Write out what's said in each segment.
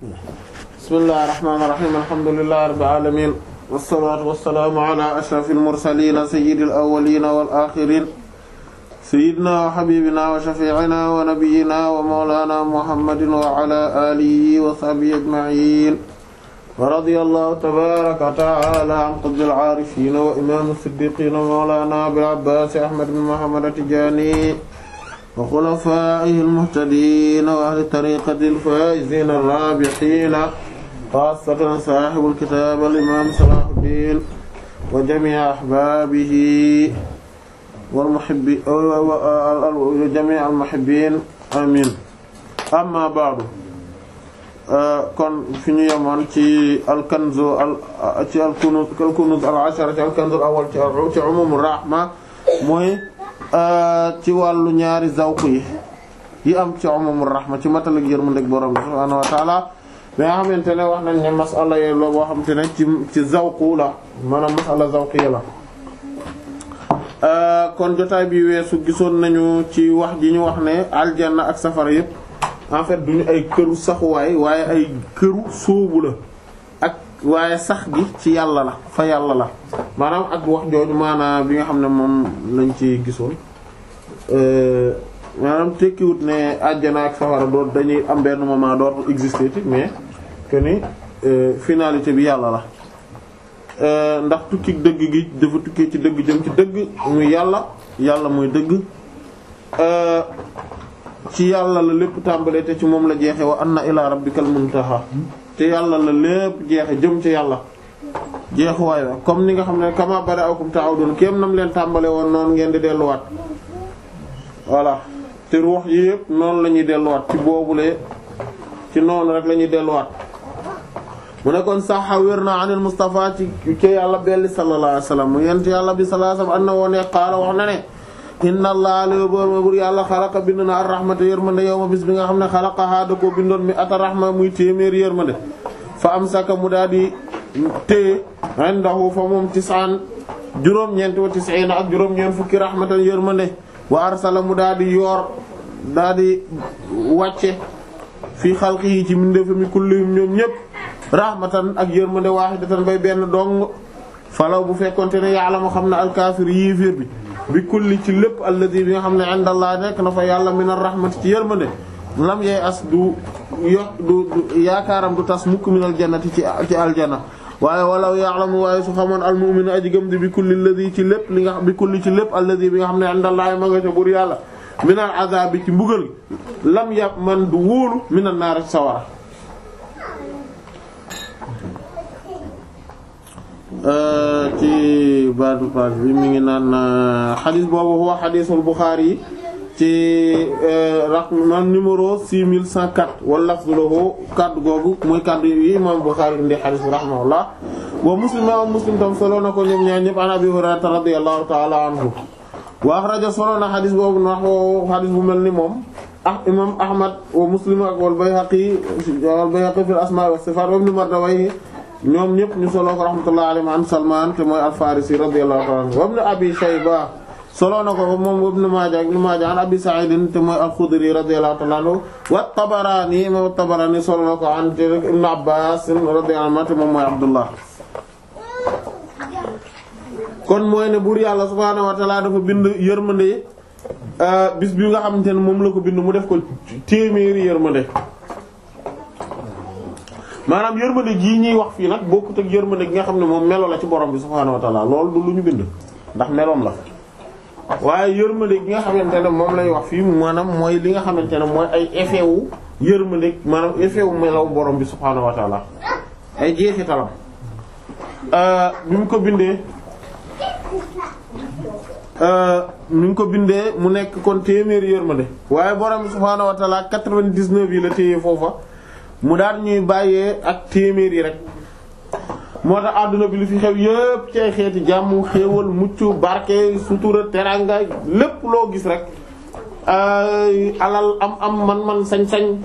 bismillahir rahmanir rahim alhamdulillahi rabbil alamin wassalaatu wassalaamu ala ashrafil mursaliin sayyidil awwaliin wal aaxiriin sayyidinaa wa habiibinaa wa shafii'inaa wa nabiyyinaa wa mawlaanaa muhammadin wa ala aalihi wa sahbihi ajma'iin wa radiyallaahu tabaaraka wa ta'aalaa an qutbil aarifiin wa imaami siddiqiin mawlaanaa abil abbaas ahmad bin muhammad at-tijaani wa xulafaa'ihi al-muhtadiina wa ahli tariiqati al-faa'iziina ar-raabihiina xaassatan saaxibul kitaab al-imaam Salaahudiin wa jamii ahbaabihi والمحبين جميع المحبين amiin amma baadu kon fi ñu yemoon ci alkanzu ci alkunuz alkunuz al ashara ci alkanzu al awwal ci umuumur rahma mooy Euh, ci wàllu ñaari zawq yi yi am ci umumur rahma ci matal ak yërmande borom bi subhaanahu wa ta'ala bi nga xamante ne wax nañ ne masala yooyu la boo xamante ne ci ci zawqu la maanaam masala zawqi la euh, kon jotaay bi weesu gisoon nañu ci wax ji ñu wax ne aljanna ak safara yëpp en fait duñu ay këru saxuwaay waaye ay këru sóobu la waaye sax gi ci yàlla la fa yàlla la maanaam ak wax jooju maanaam bi nga xam ne moom lañ ci gisoon euh, maanaam tekkiwut ne àjjana ak safara doot dañuy am benn moment dootul exister ti mais que ni euh, finalité bi yàlla la euh, ndax tukki dëgg gi dafa tukkee ci dëgg jëm ci dëgg muy yàlla yàlla mooy dëgg ci yàlla la lépp tàmbalee te ci moom la jeexee wa anna ilaa rabbikal muntaha ci yàlla la lépp jeexe jëm ci yàlla jeexuwaay la comme ni nga xam ne kama bada'akum ta'udun kéem nam leen tàmbalee woon noonu ngeen di delluwaat voilà te ruux yi yëpp noonu lañuy delluwaat ci boobule ci noonu rek lañuy delluwaat mu nekkoon kon saxa wér na anil Mustafa ci ci yàlla belli sallallahu alayhi wasallam yent yàlla bi sallallahu alayhi wasallam annahu qaala wax na ne inna allah la boobu buur yàlla xalaqa bind na ar-rahmata yërmande yow ma bis bi nga xam ne xalaqahaa da koo bindoon mi ata rahma muy téeméer yërmande fa amsaka mu daal di téye indahu fa moom tisaan juróom-ñeent wa tis'iina ak juróom-ñeent fukki rahmatan yërmande wa arsala mu daal di yoor daal di wàcce fii xalqihi ci mbindeef mi kullihim ñoom ñépp rahmatan ak yërmande waahidatan bay benn dong falaw bu fekkonte ne ya'lamu xam na al yiifiir bi bi kulli ci lépp alladi bi nga xam ne indallah nekk na fa yàlla min ar-rahmat ci yërmande lam yay as du yokk du yaakaaram du tas mukk min al-jannati ci ci aljana waaye walaw ya'lamu waaye su xamoon al-mu'minu aji gëm di bi kulli alladi ci lépp li nga bi kulli ci lépp alladi bi nga xam ne indallah ma nga ca buur yàlla min al-azab ci mbugal lam ya man du wóolu min an-naar sawara euh, baatu page bi mi ngi naan euh, xadis boobu huwa xadisul Buxaari yi ci euh, raqam numéro 6104 wala lafzuhu kaddu googu muy kaddu yi imam Buxaari indi xadis bi rahimahullah wa Muslim imam Muslim tam solo na ko ñoom ñaar ñëpp an Abi Hurayrata radiyallahu ta'ala anhu wa axraja solo na xadis boobu na xadis bu mel ni moom ah Ahmad wa Muslim ak wal Bayhaqi wal fil asmaa wa sifaat wa ibn Mardawayh ñoom ñëpp ñu solo ko rahmatullahi alayhi an Salman te mooy al-Farisi radiyallahu ta'ala wa ibn Abi Shayba solo na ko moom ibn Maaja ibn Maaja an Abi Sa'id te mooy al-Khudri radiyallahu ta'ala wa Tabarani moom Tabarani solo na ko an ibn Abbas radiyallahu anhu te moom mooy Abdullah kon mooy ne buur yàlla subhaanahu wa ta'ala dafa bind yërmande ah, bis nga xamante ne moom la ko bind mu def ko téeméeri yërmande maanaam yërmande gii ñuy wax fii nag bokkut ak yërmande gi nga xam ne moom melo la ci borom bi subhaanahu wa loolu lu ñu bind ndax meloom la waaye yërmande gi nga xamante ne moom lay wax fii maanaam mooy li nga xamante ne mooy ay effet wu yërmande maanaam effet wu melaw borom bi subhaanahu wa ay jeexitalam bi euh, mu ko bindee euh, ni mu ko bindee mu nekk kon téeméeri yërmande waaye borom bi subhaanahu wa ta'ala quatre-vingt-dix-neuf yi la téye foofa mu daal ñuy bàyyee ak téeméer yi rek moo tax àdduna bi lu fi xew yépp ci xeeti jàmm xéewal mucc barke sutura teranga lépp loo gis rek alal am am man-man sañ-sañ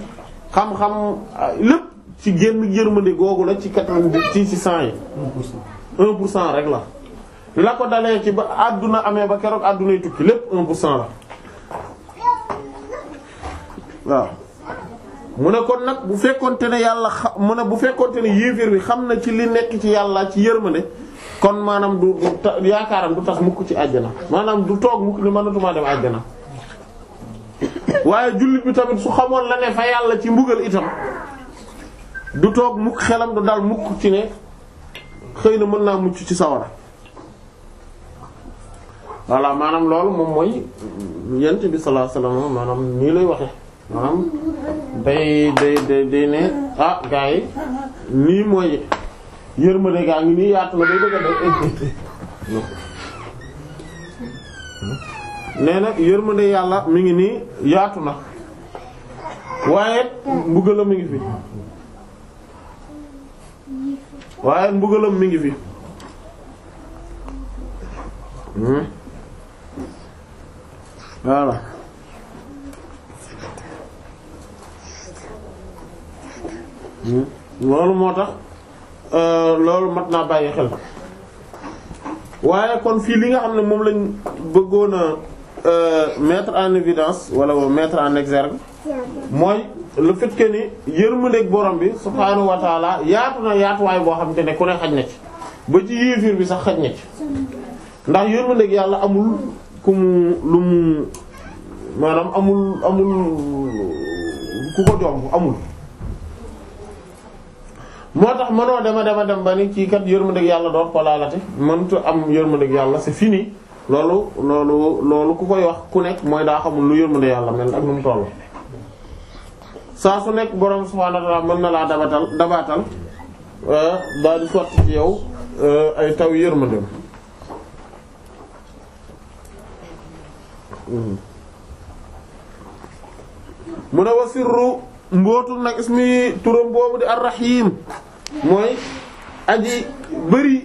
xam-xam lépp ci génn yërmande googu la ci quatre-vingt-dix ci cent yi un pour cent rek la la ko dalee ci ba àdduna amee ba keroog àddunay tukki lépp un pour cent la waaw mu ne kon nag bu fekkonte ne yàlla xa mu ne bu fekkonte ne yéeféer bi xam na ci li nekk ci yàlla ci yërmande kon maanaam du du yaakaaram du tax mukk ci àjjana maanaam du toog mukk ni dem àjjana waaye jullit bi tamit su xamoon la fa yàlla ci mbugal itam du toog mukk xelam du dal mukk ci ne xëy na mën naa mucc ci sawara voilà maanaam loolu moom mooy yent bi sallallahu alayhi wasallam maanaam nii lay waxe maanaam day day day day ne ah gars nii mooy yërmande gaa ngi nii yaatu na day bëgg a dee. nee yërmande yàlla mi ngi nii yaatu na waaye mbugalam mi ngi fi waaye mbugalam mi ngi fi. Hmm? voilà. loolu moo tax euh, loolu mat naa bàyyi xel waaye kon fii li nga xam ne moom lañ bëggoon a euh, mettre en évidence wala mettre en exergue mooy le fait que ni yërmandeeg borom bi subhaanahu wa taala yaatu na yaatuwaay boo xam te ne ku ne xaj na ci ba ci yéefir bi sax xaj na ci ndax yërmandeeg yàlla amul ku mu lu mu maanaam amul amul ku ko jomb amul moo tax mënoo dema dema dem ba ni kii kat yërmandeeg yàlla doon ko laalate mënut am yërmandeeg yàlla c'est fini loolu loolu loolu ku koy wax ku nekk mooy daa xamul lu yërmandeeg yàlla mel ak nu mu toll. saa su nekk borom subhaanahu wa ta'aala mën na laa dabatal dabatal euh, daal di sotti ci yow euh, ay taw yërmandeem. Hmm. mu ne wa sirru. mbootul nag mi turam boobu di arrahim mooy aji bëri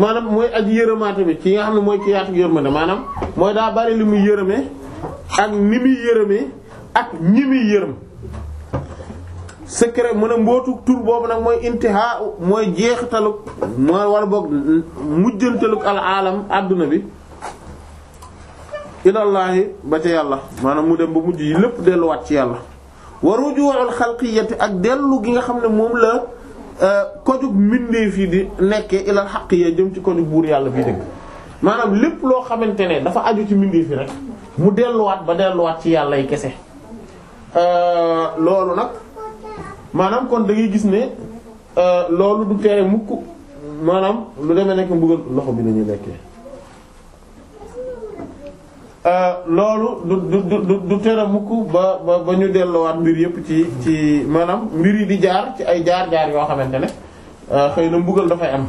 maanaam mooy aji yërëmaate bi ci nga xam ne mooy ci yaatu yërmande maanaam mooy daa bari li muy yërëmee ak ni muy ak ñi muy yërëm secret mu ne mbootu tur boobu nag mooy intihaa mooy jeextaluk mooy wala boog mujjantaluk al aalam àdduna bi ilallaahi ba ca yàlla maanaam mu dem ba mujj yi lépp delluwaat ci yàlla wa ruju'ul xalqiyyati ak dellu gi nga xam ne moom la euh, kojug mbindeef yi di nekkee ilal xaqiyya jëm ci kojug buur yàlla bi dëgg maanaam lépp loo xamante ne dafa aju ci mbindeef yi mu delluwaat ba delluwaat ci yàlla yi kese euh, loolu nag maanaam kon da ngay gis ne euh, loolu du tere mukk maanaam lu demee nekk mbugal loxo bi la ñuy lekkee Euh, loolu du du du du tere mukk ba ba ba ñu delluwaat mbir yépp ci ci maanaam mbir yi di jaar ci ay jaar jaar yoo xamante ne euh, xëy na mbugal dafay am.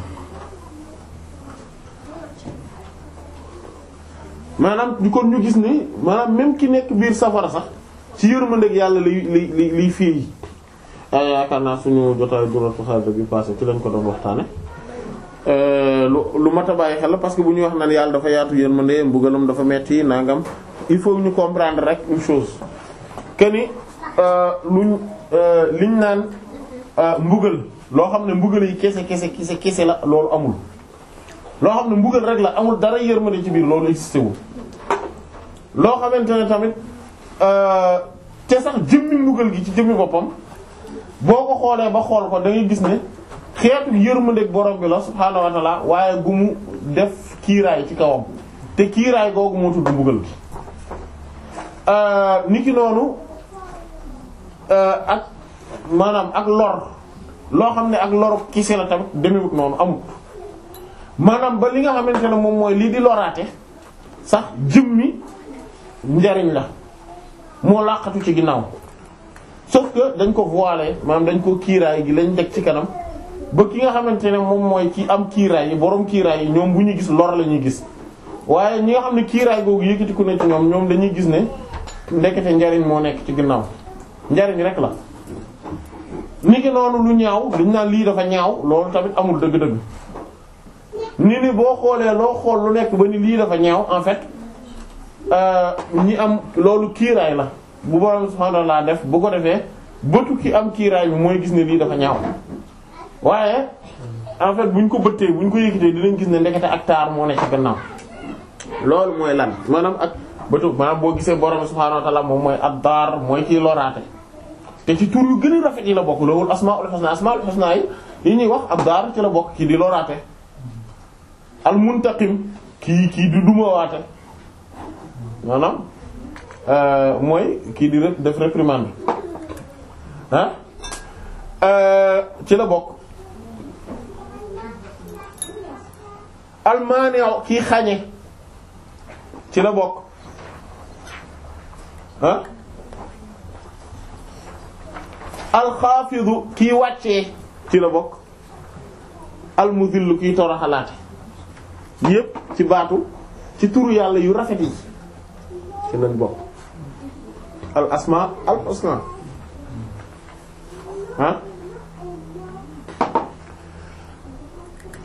maanaam ñu kon ñu gis ni maanaam même ki nekk biir safara sax ci yërmandeeg yàlla lay lay lay fii. waaye euh, yaakaar naa suñu jotaay bu rafet bi passé ci lañ ko doon waxtaane Euh, lu mat bàyyi xel la parce que bu ñuy wax naan yàlla dafa yaatu yërmande mbugalam dafa metti nangam il faut ñu comprendre rek une chose que ni euh, luñ euh, liñ naan mbugal loo xam ne mbugal yi kese kese kese kese la loolu amul. loo xam ne mbugal rek la amul dara yërmande ci biir loolu existé wul loo xamante ne tamit te sax jëmmi mbugal gi ci jëmmi boppam boo ko xoolee ba xool ko da gis ne. xeetu yërmandeeg borom bi la subhaanahu wa ta'ala waaye gu mu def kiiraay ci kawam te kiiraay googu moo tudd mbugal gi euh, niki noonu euh, ak maanaam ak lor loo xam ne ak loru kese la tamit demewut noonu amut maanaam ba li nga xamante ne moom mooy lii di loraate sax jëmmi njariñ la moo laqatu ci ginnaaw sauf que dañ ko voilé maanaam dañ ko kiiraay gi lañ teg ci kanam ba ki nga xamante ne moom mooy ci am kiiraay yi boroom kiiraay yi ñoom bu ñu gis lor la ñuy gis waaye ñi nga xam ne kiiraay googu yëkkatiku na ci ñoom ñoom dañuy gis ne ndekete njariñ moo nekk ci ginnaaw njariñ rek la. ni ki noonu lu ñaaw dañ naan lii dafa ñaaw loolu tamit amul dëgg-dëgg ni ni boo xoolee loo xool lu nekk ba ni lii dafa ñaaw en fait euh, ñi am loolu kiiraay la bu borom subhanahu wa def bu ko defee bëtu ki am kiiraay bi mooy gis ne lii dafa ñaaw. waaye en fait bu ñu ko bëttee bu ñu ko yëkkatee dinañ gis ne ndekete ak taar moo ne ci gannaaw loolu mooy lan maanaam ak bëtu maanaam boo gisee borom subhaanahu wa ta'aala moom mooy addaar mooy kii loraate te ci tur yu gën a rafet yi la bokk loolu asmaa'ul husna asmaa'ul yi ñuy wax addaar ci la bokk kii di loraate al muntaqim kii kii di dumawaate maanaam euh, mooy kii di def réprimande ah ci la bokk. almaaneew kii xañe ci la bokk ah alxaafidu kii wàccee ci la bokk almuzillu kii toroxalaate yépp ci baatu ci turu yàlla yu rafet yi ci la bokk al asma al ah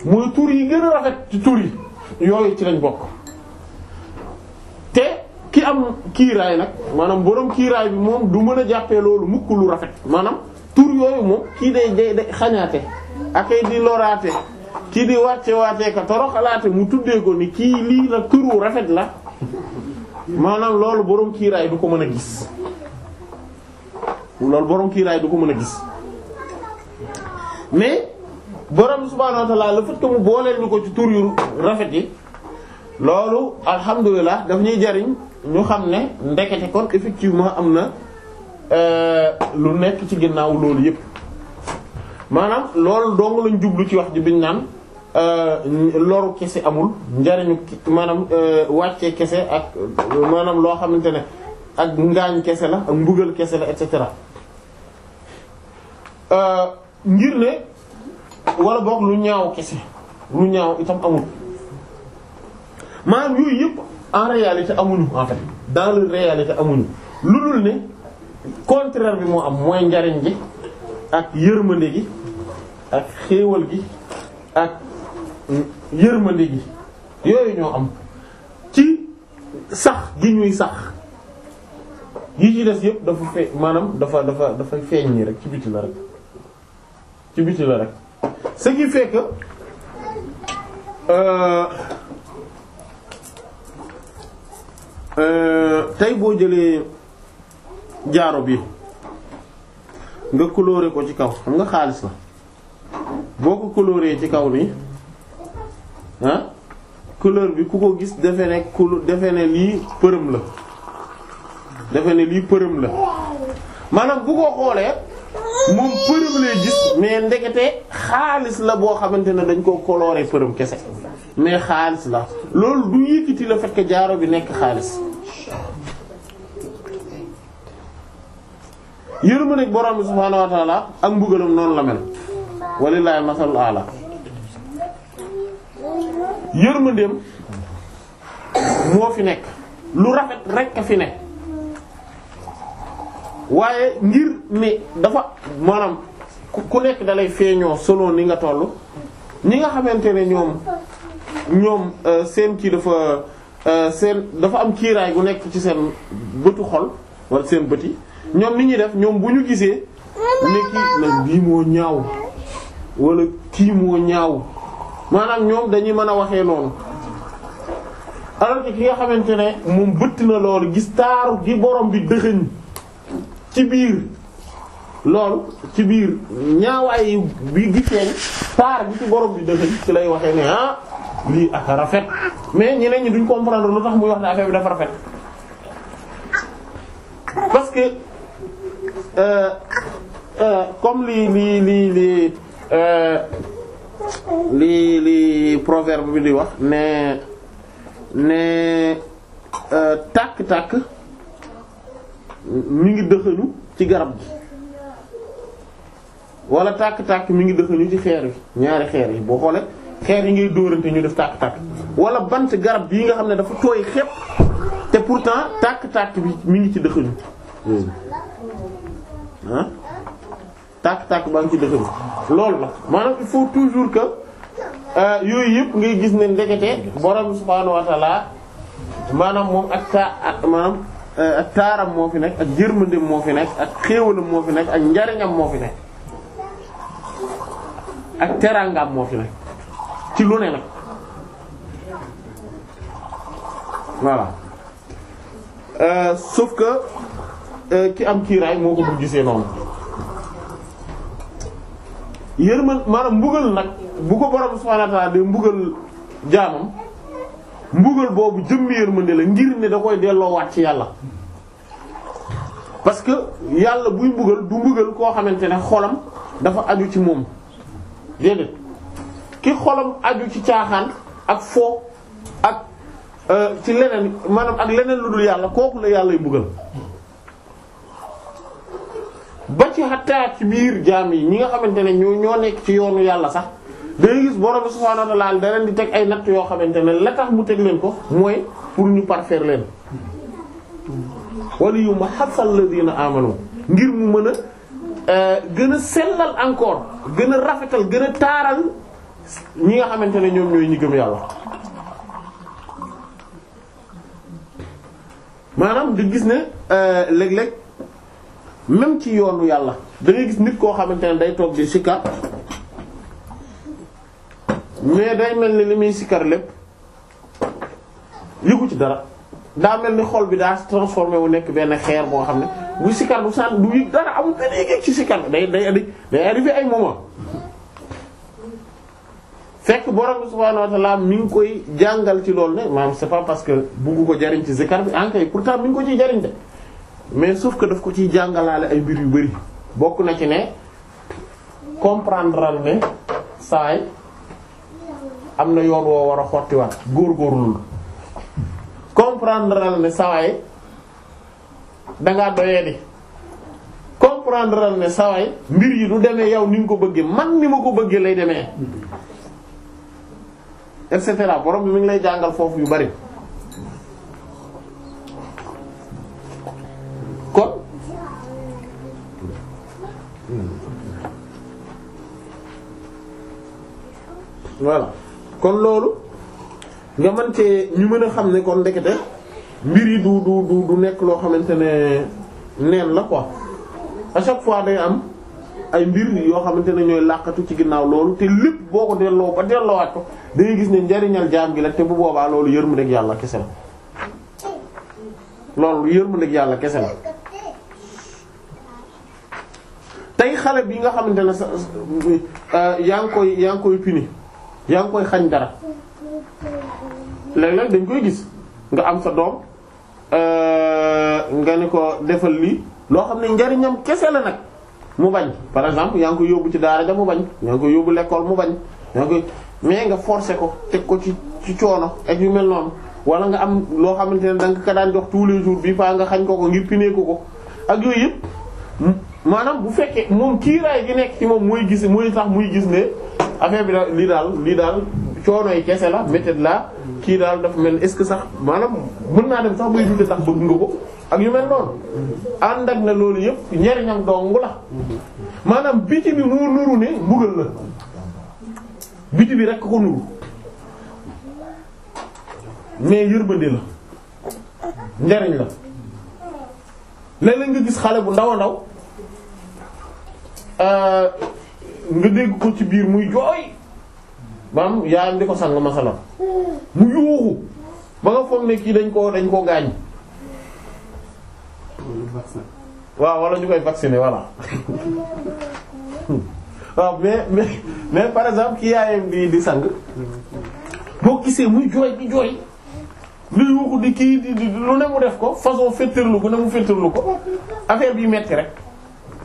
mooy tur yi gën a rafet ci tur yi yooyu ci lañ bokk te ki am kiiraay nag maanaam borom kiiraay bi moom du mën a jàppee loolu mukk lu rafet maanaam tur yooyu moom kii day day day xañaate akay di loraate kii di wàcce waatee ka xalaate mu tuddee ko ni kii lii la turu rafet la maanaam loolu boroom kiiraay du ko mën a gis loolu boroom kiiraay du ko mën a gis mais. borom subhaanahu wa ta'aala le fait mu booleel ñu ko ci tur yu rafet yi loolu alhamdulilah dafa ñuy jariñ ñu xam ne ndekete kon effectivement am na euh, lu nekk ci ginnaaw loolu yépp maanaam loolu dong lañ jublu ci wax ji biñ naan euh, loru kese amul njariñu maanaam euh, wàccee kese ak maanaam loo xamante ne ak ngaañ kese la ak mbugal kese la et cetera ngir ne. wala boog lu ñaaw kese lu ñaaw itam amul maanaam yooyu yëpp en réalité amuñu en fait dans la réalité amuñu lu dul ne contraire bi moo am mooy njariñ gi ak yërmande gi ak xéewal gi ak yërmande gi yooyu ñoo am ci sax gi ñuy sax yi ci des yëpp dafa fe maanaam dafa dafa dafay feeñ nii rek ci biti la rek ci biti la rek ce qui fait que euh, euh, tey boo jëlee jaaro bi nga coloré ko ci kaw xam nga xaalis la boo ko coloré ci kaw nii ah couleur bi ku ko gis defe ne couleur defe ne lii përëm la defe ne lii përëm la maanaam bu ko xoolee moom përëm lay gis mais ndekete xaalis la boo xamante ne dañ koo coloré përëm kese mais xaalis la loolu du yëkkati la fekk jaaro bi nekk xaalis yërma nekk borom bi subhaanahu ak mbugalam noonu la mel walillahi masal ala yërmandeem moo fi nekk lu rafet rekk fi nekk waaye ngir ni dafa maanaam ku nekk dalay feeñoo solo ni nga toll ñi nga xamante ne ñoom ñoom euh, seen kii dafa euh, seen dafa am kiiraay gu nekk ci seen bëtu xol wala seen bëti ñoom ni ñuy def ñoom bu ñu gisee ne kii nag bii moo ñaaw wala kii moo ñaaw maanaam ñoom dañuy mën a waxee noonu alors ki nga xamante ne moom bëtt na loolu gis taaru gi borom bi dëxëñ ci biir lool ci biir ñaawaay bi gi feeñ taar bi ci borom bi dëgg ci lay waxee ne ah lii ak rafet mais ñeneen ñi duñ comprendre lu tax muy wax ne affaire bi dafa rafet parce que euh, euh, comme li li lii li euh, li li proverbe bi di wax ne ne tàkk-tàkk mi ngi dëxëñu ci garab gi wala tàkk-tàkk mi ngi dëxëñu ci xeer yi ñaari xeer yi boo xoolee xeer yi ngay dóorante ñu def tàkk-tàkk wala bant garab bii nga xam ne dafa tooy xepp te pourtant tàkk-tàkk bi mi ngi ci dëxëñu ah tàkk-tàkk baa ngi ci dëxëñu loolu la maanaam il faut toujours que euh, yooyu yëpp ngay gis ne ndekete borom subhaanahu wa ta'ala maanaam moom ak ta maanaam Euh, ak taaram moo fi nekk ak jërmandem moo fi nekk ak xéewalam moo fi nekk ak njariñam moo fi nekk ak teraangaam moo fi nekk ci lu ne nag voilà euh, sauf que euh, ki am kiiraay moo ko bu gisee noonu yërman maanaam mbugal nag bu ko borom subhaanahu wa ta'aala mbugal jaamam mbugal boobu jëmm yërmande la ngir ne da koy delloowaat ci yàlla parce que yàlla buy mbugal du mbugal koo xamante ne xolam dafa aju ci moom déedéet ki xolam aju ci caaxaan ak foo ak euh, ci leneen maanaam ak leneen lu dul yàlla kooku la yàlla bugal mbugal ba ci xataa ci biir jaam yi ñi nga xamante ne ñoo ñoo nekk ci yoonu yàlla sax day gis borom subhaanahu wa ta'aala di teg ay natt yoo xamante ne la tax mu teg leen ko mooy pour ñu parfaire leen. wala yu ma xasal ladina amanu ngir mu mën a euh, gën a sellal encore gën a rafetal gën a taaral ñi nga xamante ne ñoom ñooy ñi gëm yàlla. maanaam di gis ne euh, léeg-léeg même ci yoonu yàlla da gis nit koo xamante ne day toog di sikka mais day mel ni li muy sikkar lépp yëgu ci dara daa mel ni xol bi daa transformé wu nekk benn xeer boo xam ne bu sikkar bu saan du yëg dara amul benn yëg ci sikkar day day day arrivé ay moment fekk borom bi subhaanahu wa ta'ala mi ngi koy jàngal ci loolu ne maanaam c'est pas parce que bugg ko jariñ ci zikar bi ankay pourtant mi ngi ko ciy jariñ de mais sauf ko def ko ciy jàngalaale ay mbir yu bëri bokk na ci ne comprendre al ne saay am na yoon woo war a xottiwaat góorgóorlu comprendre al ne saway dangaa doyee di comprendre ne sawaay mbir yi du demee yow ni nga ko bëggee man ni ma ko bëggee lay demee et cetera bi mi ngi lay jàngal foofu yu bari kon voilà kon loolu nga mën cee ñu mën a xam ne kon ndekete mbir yi du du du du nekk loo xamante ne neen la ko à chaque fois day am ay mbir yoo xamante ne ñooy làqatu ci ginnaaw loolu te lépp boo ko delloo ba delloowaat ko day gis ne njariñal jaam gi la te bu boobaa loolu yërmandeeg yàlla kese la loolu yërmandeeg yàlla kese la tey xale bi nga xamante ne sa yaa ngi koy yaa ngi koy pini. yaa ngi koy xañ dara léeg-léeg dañ koy gis nga am sa doom euh, nga ni ko defal lii loo xam ne njariñam kese la nag mu bañ par exemple yaa ngi koy yóbbu ci daara ja mu bañ yaa ngi koy yóbbu lekkool mu bañ yaa ngi koy mais nga forcer ko teg ko ci ci coono ak yu mel noonu walla nga am loo xamante ne danga ko daan jox tous les jours bii faa nga xañ ko ko ngir pinee ko ko ak yooyu yëpp maanaam bu fekkee moom kiiraay gi nekk ci moom mooy gis muy tax muy gis ne affaire bi daal lii daal lii daal coono yi kese la méthode la kii daal dafa mel est-ce que sax maanaam mën naa dem sax bay dundee tax bëgg nga ko ak yu mel noonu ànd ak na loolu yëpp njariñam dong la maanaam biti bi moo nuru ne mbugal la biti bi rek ko nuru mais yërmande la njariñ la léeg-léeg nga gis xale bu ndaw a ndaw euh, nga dégg ko ci biir muy jooy maam yaayam di ko sang masalan mu yuuxu ba nga foog ne kii dañ ko dañ ko gaañ waaw wala ñu koy vacciner voilà waaw mais mais mais par exemple ki yaayam di di sang boo gisee muy jooy di jooy lu yuuxu di kii di lu ne mu def ko façon féttarlu ko ne mu féttarlu ko affaire bi metti rek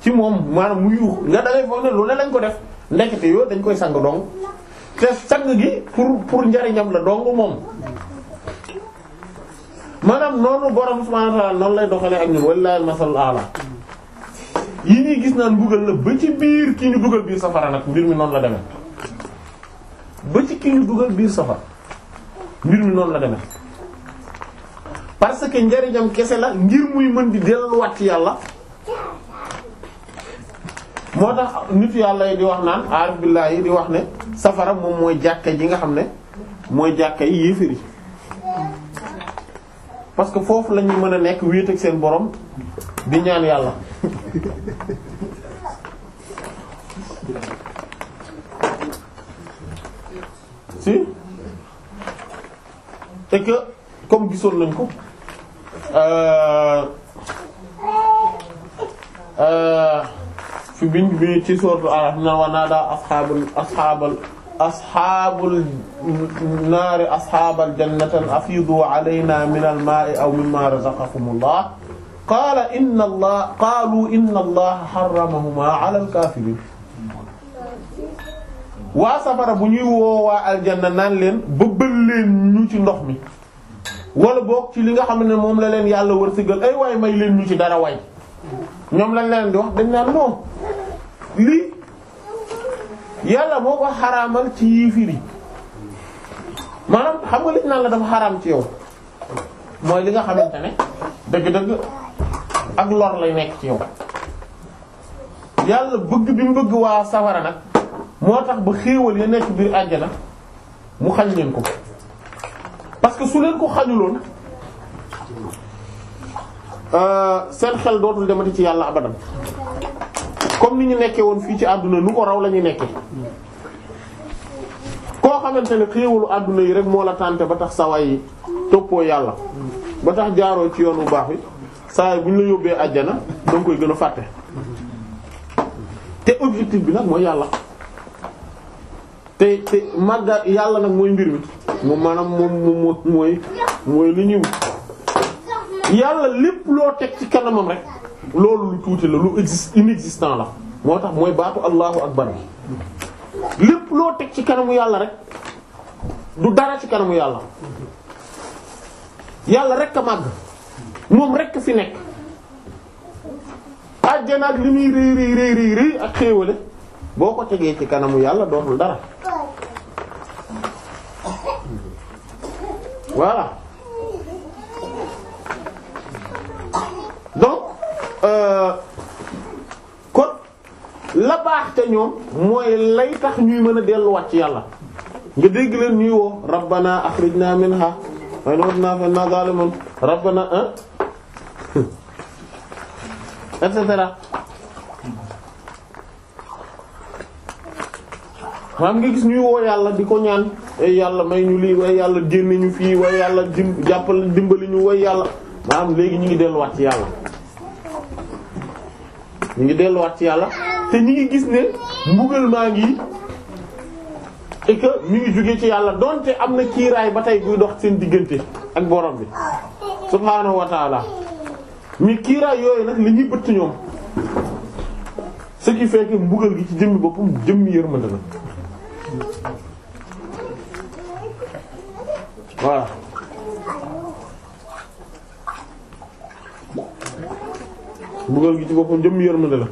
ci moom maanaam mu yuux nga dangay foog ne lu ne lañ ko def ndekete yoo dañ koy sang dong te sang gi pour pour njariñam la dong moom maanaam noonu borom subhanahu wa ta'ala noonu lay doxalee ak ñun wallaahi al-masal ala yi nii gis naan mbugal la ba ci biir ki ñu dugal biir safara nag mbir mi noonu la demee ba ci ki ñu dugal biir safara mbir mi noonu la demee parce que njariñam kese la ngir muy mën di delluwaat yàlla moo tax nit yàlla yi di wax naan aarif billaah yi di wax ne safara moom mooy jàkka ji nga xam ne mooy jàkka yi yéefari parce que foofu lañu mën a nekk wéet ak seen borom di ñaan yàlla si et comme gisoon nañ ko euh, euh, fi biñ bi ci sourate Araf na wa naadaa ashaabul ashaabul ashaabul naari ashaabal jannati an afiidu alaynaa minal maa'i aw mimmaa razaqakumullaah qaala inna allaah qaaluu inna allaah harramahumaa alal kaafiriin waa safara bu ñuy woowaa aljanna naan leen bëbbal leen ñu ci ndox mi wala boog ci li nga xam ne moom la leen yàlla wërsëgal ay waay may leen ñu ci dara way ñoom lañ leen di wax dañ naan moom lii yàlla boo ko xaraamal ci yii firi maanaam xam nga liñ naan la dafa xaram ci yow mooy li nga xam ne dëgg-dëgg ak lor lay nekk ci yow yàlla bëgg bi mu bëgg waa sawara nag moo tax ba xéewal ya nekk biir àjjana mu xañ leen ko parce que su leen ko xañuloon Euh, seen xel dootul demati ci yàlla abadan comme ni ñu nekkee woon fii ci àdduna nu ko raw la ñuy nekkee koo xamante ne xéewalu àdduna yi rek moo la tànte ba tax saway yi toppoo yàlla ba tax jaaroo ci yoon bu baax bi saa bu ñu la yóbbee àjjana danga koy gën a fàtte te objectif bi nag moo yàlla te te màgga yàlla nag mooy mbir mi moom maanaam moom moom mooy mooy li ñuy wut yàlla lépp loo teg ci kanamam rek loolu lu tuuti la lu existe la moo tax mooy baatu allahu akbar bi lépp loo teg ci kanamu yàlla rek du dara ci kanamu yàlla yàlla rek a màgg moom rek fi nekk àjjana ak li muy réy réy réy réy ak xéewale boo ko tegee ci kanamu yàlla dootul dara voilà Euh, kon la baax te ñoom mooy lay tax ñuy mën a delluwaat ci yàlla nga dégg leen ñuy woo rabbana akhrijna minha wa inna kunna zalimun rabbana et cetera maam nga gis ñuy woo yàlla di ko ñaan yàlla may ñu lii way yàlla génne ñu fii way yàlla dim jàppal dimbali ñu way yàlla maam léegi ñu ngi delluwaat yàlla ñu ngi delluwaat ci yàlla te ñu ngi gis ne mbugal maa ngi et que ngi jóge ci yàlla donte am na kiiraay ba tey buy dox seen diggante ak borom bi subhaanahu wa taala mi kiiraay yooyu nag li ñuy bëtt ñoom ce qui fait mbugal gi ci jëmmi boppam jëmmi yërmande la voilà mbugal gi ci boppam jëmm yërmande la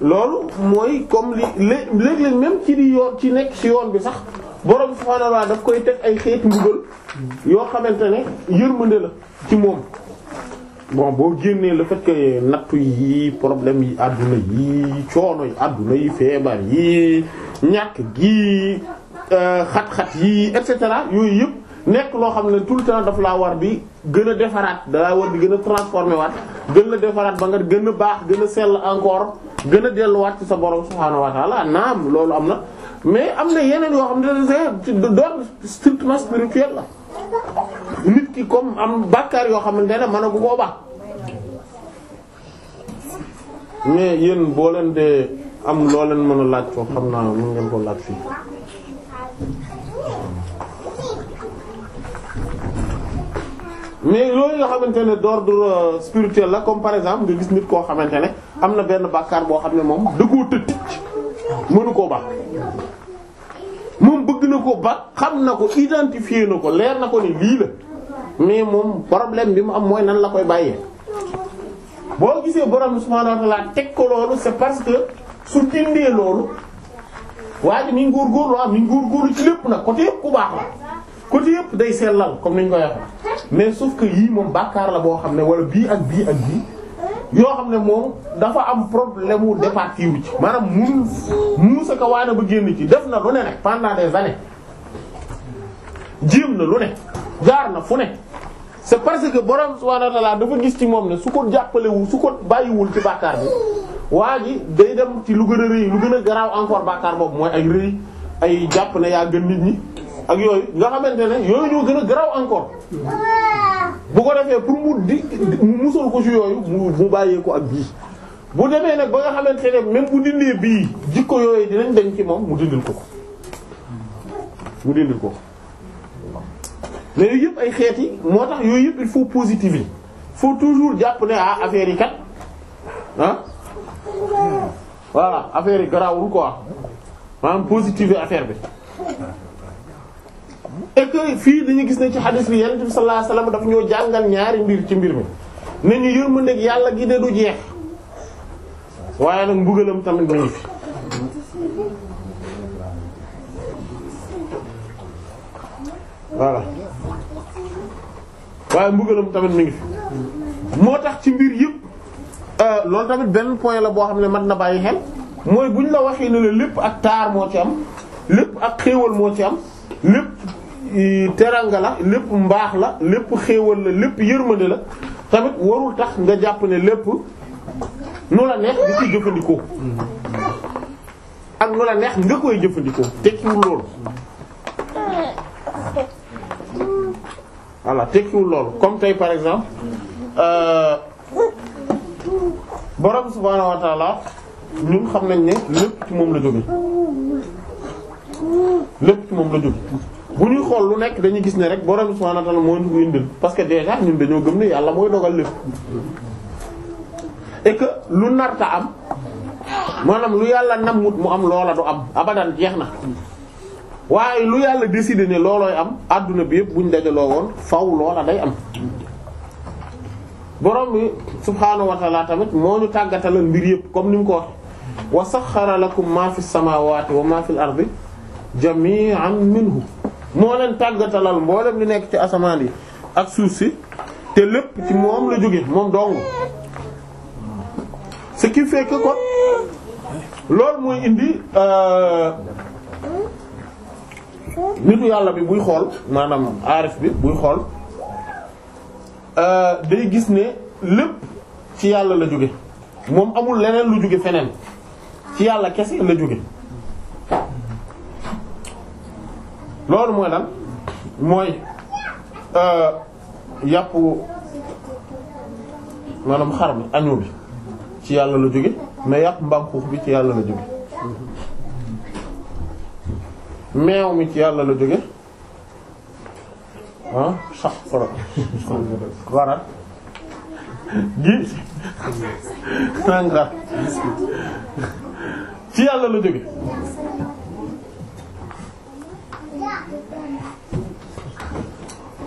loolu mooy comme li léeg-léeg même ci di yoon ci nekk ci yoon bi sax borom subhaanahu wa daf koy teg ay xeetu mbugal yoo xamante ne yërmande la ci moom bon boo génnee la fait que nattu yi problème yi àdduna yi coono yi àdduna yi feebar yi ñàkk gi euh, xat-xat yi et cetera yooyu yëpp. nekk loo xam ne tout le temps daf laa war bi gën a defaraat dalaa war bi gën a transformé waat gën la defaraat ba nga gën a baax gën a sell encore gën a delluwaat ci sa borom subhaanahu wa ta'ala naam loolu am na mais am na yeneen yoo xam ne doon strictement spirituel la nit ki comme am bàkkaar yoo xam ne mën a gu koo baax mais yéen boo leen de am loo leen a laaj foofu xam naa mën ngeen ko laaj fii mais yooyu nga xamante ne d'ordre euh, spirituel la comme par exemple nga gis nit koo xamante ne am na benn bàkkaar boo xam ne moom da koo tëj mënu koo baax moom bëgg na ko ba xam na ko identifier na ko leer na ko ni lii la mais moom problème bi mu am mooy nan la koy bàyyee boo gisee borom subhaanahu wa ta'aala teg ko loolu c'est parce que su tindee loolu waa ji mi ngi góorgóorlu am mi ngi góorgóorlu ci lépp nag côté yëpp ku baax la côté yëpp day sellal comme ni ñu koy waxee mais sauf que yii moom bàkkaar la boo xam ne wala bii ak bii ak bii yoo xam ne moom dafa am problème mu départir ci maanaam mun muusa ka waana ba génn ci def na lu ne rek pendant des années jéem na lu ne jaar na fu ne c'est parce que borom subhaanahu wa ta'aala dafa gis ci moom ne su ko jàppalewul su ko bàyyiwul ci bàkkaar bi waa ji day dem ci lu gën a rëy lu gën a garaaw encore bàkkaar boobu mooy ay rëy ay jàpp ne yaa gën nit ak yooyu nga xamante ne yooyu ñoo gën a garaaw encore bu ko defee pour mu di mu musal ko ci yooyu mu mu ak bii bu demee nag ba nga xamante ne même bu dindee bii jikko yooyu dinañ dañ ci moom mu dindil ko ko mu dindil ko ko mais yooyu yëpp ay xeeti moo tax yooyu yëpp il faut positif yi foo toujours jàpp ne ah affaire yi kat ah voilà affaire yi garaawul quoi maanaam positif affaire bi. et que fii dañu gis ne ci xadis bi yonent bi sallallahu alayhi wasallam daf ñoo jàngal ñaari mbir ci mbir mi ne ñu yërmandeeg yàlla gi de du jeex waaye nag mbugalam tamit dañu waaye mbugalam tamit ngi fi moo tax ci mbir yépp euh, loolu tamit benn point la boo xam ne mat na bàyyi xel mooy buñ la waxee ne lépp ak taar moo ci am lépp ak xéewal moo ci am lépp teranga la lépp mbaax la lépp xéewal la lépp yërmande la tamit warul tax nga jàpp ne lépp nu la neex la neex nga koy jëfandikoo tekkiwul loolu voilà tekkiwul loolu comme tey par exemple euh, borom subhaanahu wa ñun xam nañ ne lépp ci moom la jóge lépp ci moom la jóge bu ñuy xool lu nekk dañuy gis ne rek borom subhaanahu wa ta'aala moo ñu ko indil parce que déjà ñun dañoo gëm ne yàlla mooy dogal lépp et lu narta am maanaam lu yàlla namut mu am loola du am abadan jeex na waaye lu yàlla décidé ne loolooy am adduna bi yëpp buñ dajaloo woon faw loola day am boroom bi subhaanahu wa tamit moo ñu tàggatalal mbir yëpp comme ni mu ko wax wa saxxara lakum maa fi samaawaati wa maa fil ardi jami'an minhu moo leen tàggatalal mboolem li nekk ci asamaan yi ak suuf si te lépp ci moom la jóge moom dong ce qui fait que kon mooy indi euh, nitu yàlla bi buy xool maanaam aarif bi buy xool euh, day gis ne lépp ci yàlla la jóge moom amul leneen lu jóge feneen ci yàlla kese la jóge loolu mooy lan mooy euh, yàpp maanaam xar mi añu bi ci yàlla la jóge mais yàpp mbànkuux bi ci yàlla la jóge meew mi ci yàlla la jóge ah sax waral ci yàlla la jóge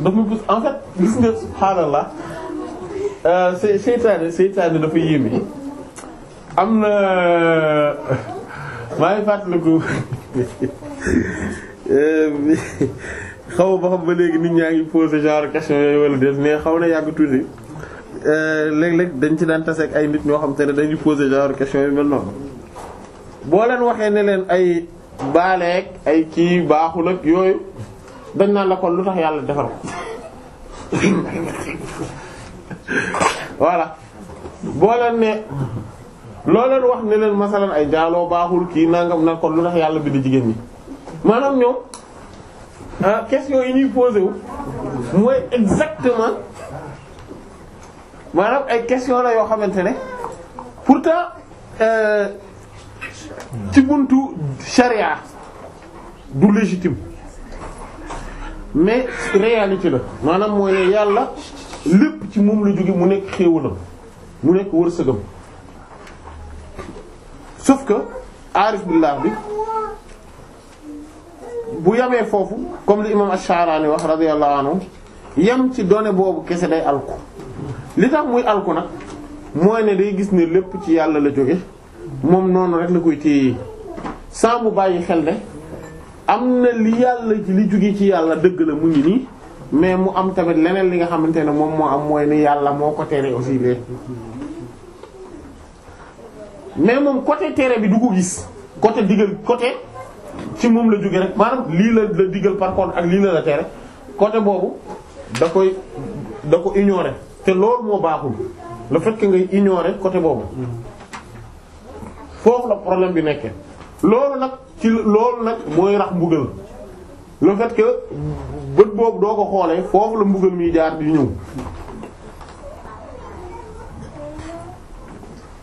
daf ma pousse en fait gis nga subhaanallah euh, se seytaane seytaane dafa yéeme am na euh, maa ngi fàttaliku euh, xaw ba xam ba léegi nit ñaa ngi posé genre question yooyu wala déet mais xaw na yàgg tuuti léeg-léeg dañ ci daan taseeg ay nit ñoo xam te ne dañuy posé genre question yu mel noonu boo leen waxee ne leen ay baaleeg ay kii baaxul ak yooyu dañ naan la kon lu tax yàlla defar ko voilà boo leen ne loo leen wax ne leen masalan ay jaaloo baaxul kii nangam na kon lu tax yàlla bind jigéen ñi maanaam ñoom ah, question yi ñuy posé mooy exactement maanaam ay question la yoo xamante ne pourtant euh, ci buntu charia du légitime mais réalité la maanaam mooy ne yàlla lépp ci moom la jóge mu nekk xéewalam mu nekk wërsëgam sauf que aarif billah bi bu yamee foofu comme li imam Ash-Sha'rani wax radiyallahu anhu yam ci doone boobu kese day alku li tax muy alku nag mooy ne day gis ne lépp ci yàlla la jóge moom noonu rek la koy téye sans mu bàyyi xel ne am na li yàlla li jóge ci yàlla dëgg la mu ngi nii mais mu am tamit leneen li nga xamante ne moom moo am mooy ni yàlla moo ko tere aussi lee mais moom côté tere bi du ko gis côté digal côté ci moom la jóge rek maanaam lii la la digal par ak lii la la tere côté boobu da koy da ko ignorer te loolu moo baaxul le fait que ngay ignorer côté boobu mm-hmm. foofu la problème bi nekkee loolu nag ci loolu nag mooy rax mbugal le fait que bët boobu doo ko xoolee foofu la mbugal mi jaar di ñëw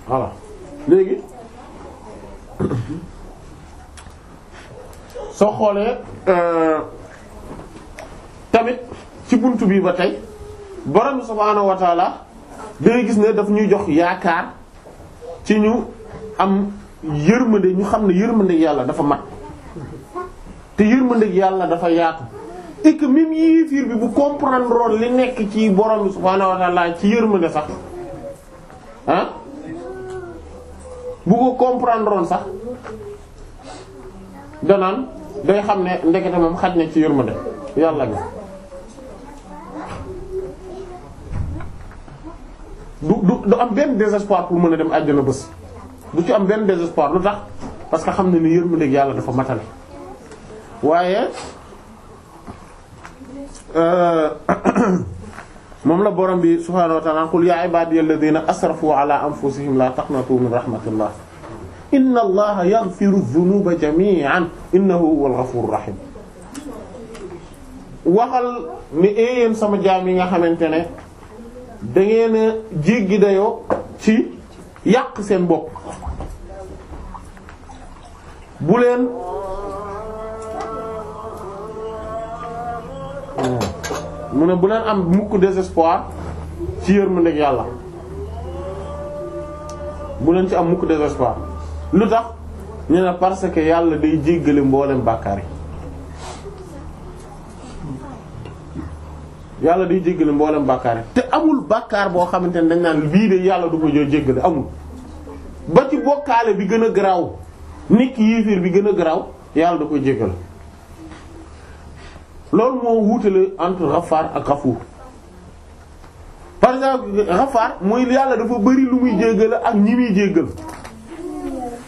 voilà léegi soo xoolee euh, tamit ci bunt bi ba tey borom subhaanahu wa taala day gis ne daf ñuy jox yaakaar ci ñu am yërmande ñu xam ne yërmande yàlla dafa mat te yërmande yàlla dafa yaatu et que même fiir bi bu comprendre li nekk ci borom bi subhaanahu wa ta'ala ci yërmande sax ah bu ko comprendre sax danaan day xam ne ndekete moom xaj na ci yërmande yàlla gi du du du am benn désespoir pour mën a dem àjjana bés. du ci am benn désespoir lu tax parce que xam na ni yërmandeeg yàlla dafa matale waaye euh, moom la borom bi subhaanahu wa ta'ala qul yaa ibadiya alladhina asrafu anfusihim la taqnatu min rahmatillah inna allaha yaghfiru dhunuba jami'an innahu huwal ghafurur rahim waxal ni eh, yéen yi nga xamante ne ci yàq seen bopp bu leen mu ne bu leen am mukk désespoir ci yërmandeeg yàlla bu leen ci am mukk désespoir lu tax ñu ne parce que yàlla day jéggale mboolem bàkkaar yi yàlla day jéggale mboolem bàkkaar te amul bàkkaar boo xamante ne dañ naan bii de yàlla du ko joo jéggale amul ba ci bokkaale bi gën a garaaw nekk yéeféer bi gën a garaaw yàlla da koy jéggale loolu moo wuutale entre Ghaffar ak Ghafour par exemple Ghaffar mooy yàlla dafa bari lu muy jéggale ak ñi muy jéggal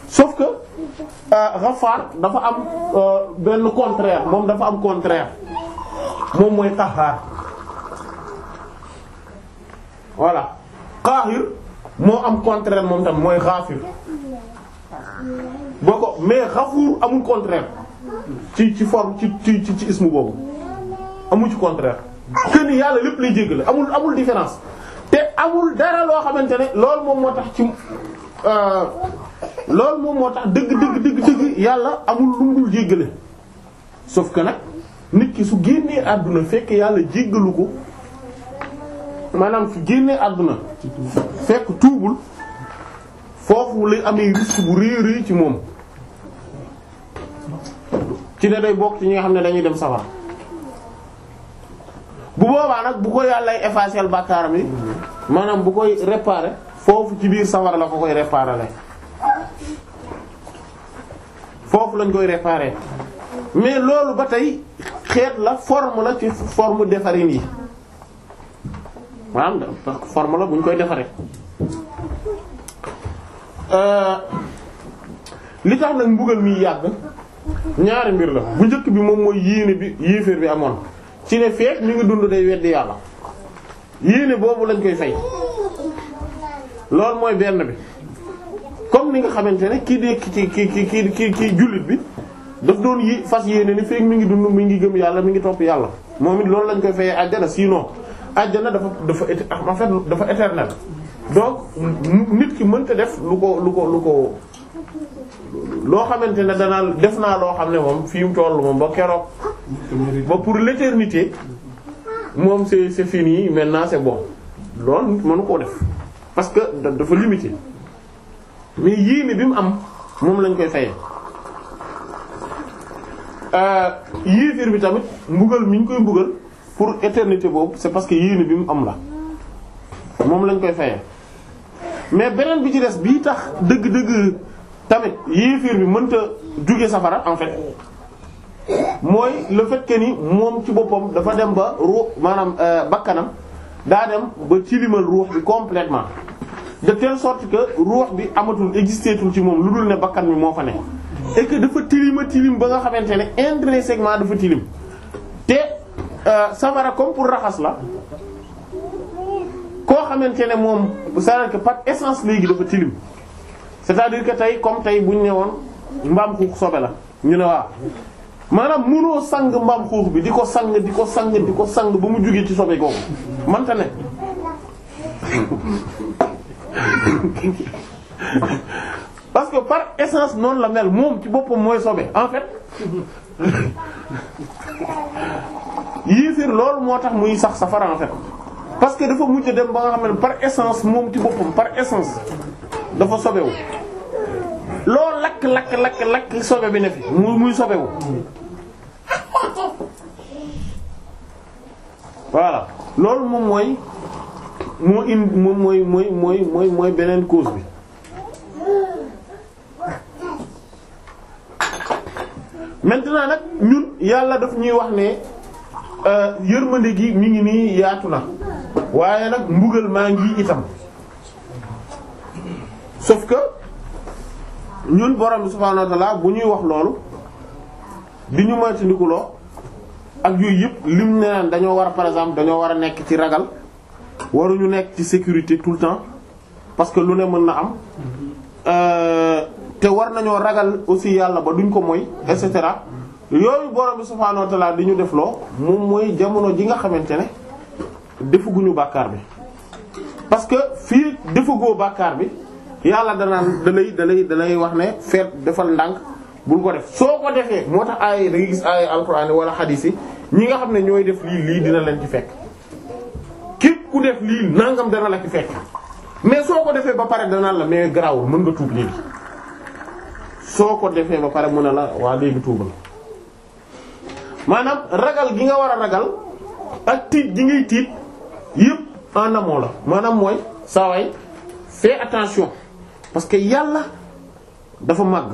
sauf que euh, Ghaffar dafa am euh, benn contraire moom dafa am contraire moom mooy Qahhar voilà qaahir moo am contraire moom tam mooy xaafir boo ko mais xafuur amul contraire ci ci forme ci ci ci ismu boobu amul ci contraire que ni yàlla lépp lay jéggale amul amul différence te amul dara loo xamante ne lool moom moo tax ci euh, lool moom moo tax dëgg dëgg dëgg yàlla amul lu mu jéggale sauf que nag nit ki su génnee àdduna fekk yàlla jéggalu ko maanaam fi àdduna fekk tuubul foofu li amee risque bu rëy rëy ci moom ci ne day bokk ci ñi nga xam ne dañuy dem safara bu boobaa nag bu ko yàlla effacer bàkkaaram yi maanaam bu koy réparer foofu ci biir safara la ko koy réparer la foofu lañ koy réparer mais loolu ba tey xeet la forme la ci forme defarin yi maanaam parce que la bu ñu koy defaree euh, li tax nag mbugal mi yàgg ñaari mbir la bu njëkk bi moom mooy yéene bi yéeféer bi amoon ci ne feek ñu ngi dund day weddi yàlla yéene boobu lañ koy fay loolu mooy benn bi comme ni nga xamante ne kii dee ki ki ki ki ki jullit bi daf doon yi fas yéene ni feek mi ngi dund mu ngi gëm yàlla mi ngi topp yàlla moom it loolu lañ koy fayee àjjana sinon àjjana dafa dafa en fait dafa éternel donc nit ki mënta def lu ko lu ko lu ko loo xamante ne danaa def naa loo xam ne moom fi mu toll moom ba keroog ba pour l'éternité moom c'est c'est fini maintenant c'est bon loolu nit mënu koo def parce que dafa limité mais yéene bi mu am moom lañ koy fayee euh, yéefir bi tamit mbugal mi ñu koy mbugal pour éternité boobu c'est parce que yéene bi mu am la moom lañ koy fayee mais beneen bi ci des bii tax dëgg-dëgg tamit yéefir bi mënta juge safara en fait mooy la fait que ni moom ci boppam dafa dem ba ruux maanaam euh, bakkanam daa dem ba tilimal ruux bi complètement de tele sorte que ruux bi amatul existeetul ci moom lu dul ne bakkan bi moo fa ne et que dafa tilima tilim ba nga xamante ne intrinsèquement dafa tilim te Euh, safara comme pour raxas la koo xamante ne moom c'est-à-dire que par essence léegi dafa tilim c'est-à-dire que tey comme tey bu ñu ne woon mbaam xuux sobe la ñu ne waa maanaam mënoo sang mbaam xuux bi di ko sang di ko sang di ko sang ba mu jógee ci sobe googu manta ne parce que par essence noonu la mel moom ci boppam mooy sobe en fait yéeféer loolu moo tax muy sax safara en fait parce que dafa mujj dem ba nga xam ne par essence moom ci boppam par essence dafa sobewu loolu lakk lakk lakk sobe bi ne fi mu muy sobewu voilà loolu moom mooy moo indi moom mooy mooy mooy mooy mooy beneen cause bi maintenant nag ñun yàlla daf ñuy wax ne euh, yërmande gi mi ngi nii yaatu na waaye nag mbugal maa ngi itam sauf que ñun borom bi subhaanahu wa bu ñuy wax loolu di ñu moytandikuloo ak yooyu yëpp lim ne naan dañoo war a par exemple dañoo war a nekk ci ragal waruñu nekk ci sécurité tout le temps parce que lu ne mën na am euh, te war nañoo ragal aussi yàlla ba duñ ko moy et cetera yooyu borom bi subhaanahu wa ta'ala di ñu def loo moom mooy jamono ji nga xamante ne defaguñu bàkkaar bi parce que fii defagoo bàkkaar bi yàlla danaan dalay dalay dalay wax ne feet defal ndànk bul ko def soo ko defee moo tax ay da ngay gis ay alxuraan wala xadiis ñi nga xam ne ñooy def lii lii dina leen ci fekk képp ku def lii nangam dana la ci fekk mais soo ko defee ba pare danaan la mais garawul mën nga tuub soo ko defee ba pare mu ne la waa léegi tuubal maanaam ragal gi nga war a ragal ak tiit gi ngay tiit yépp en la maanaam mooy saa waay fais attention parce que yàlla dafa màgg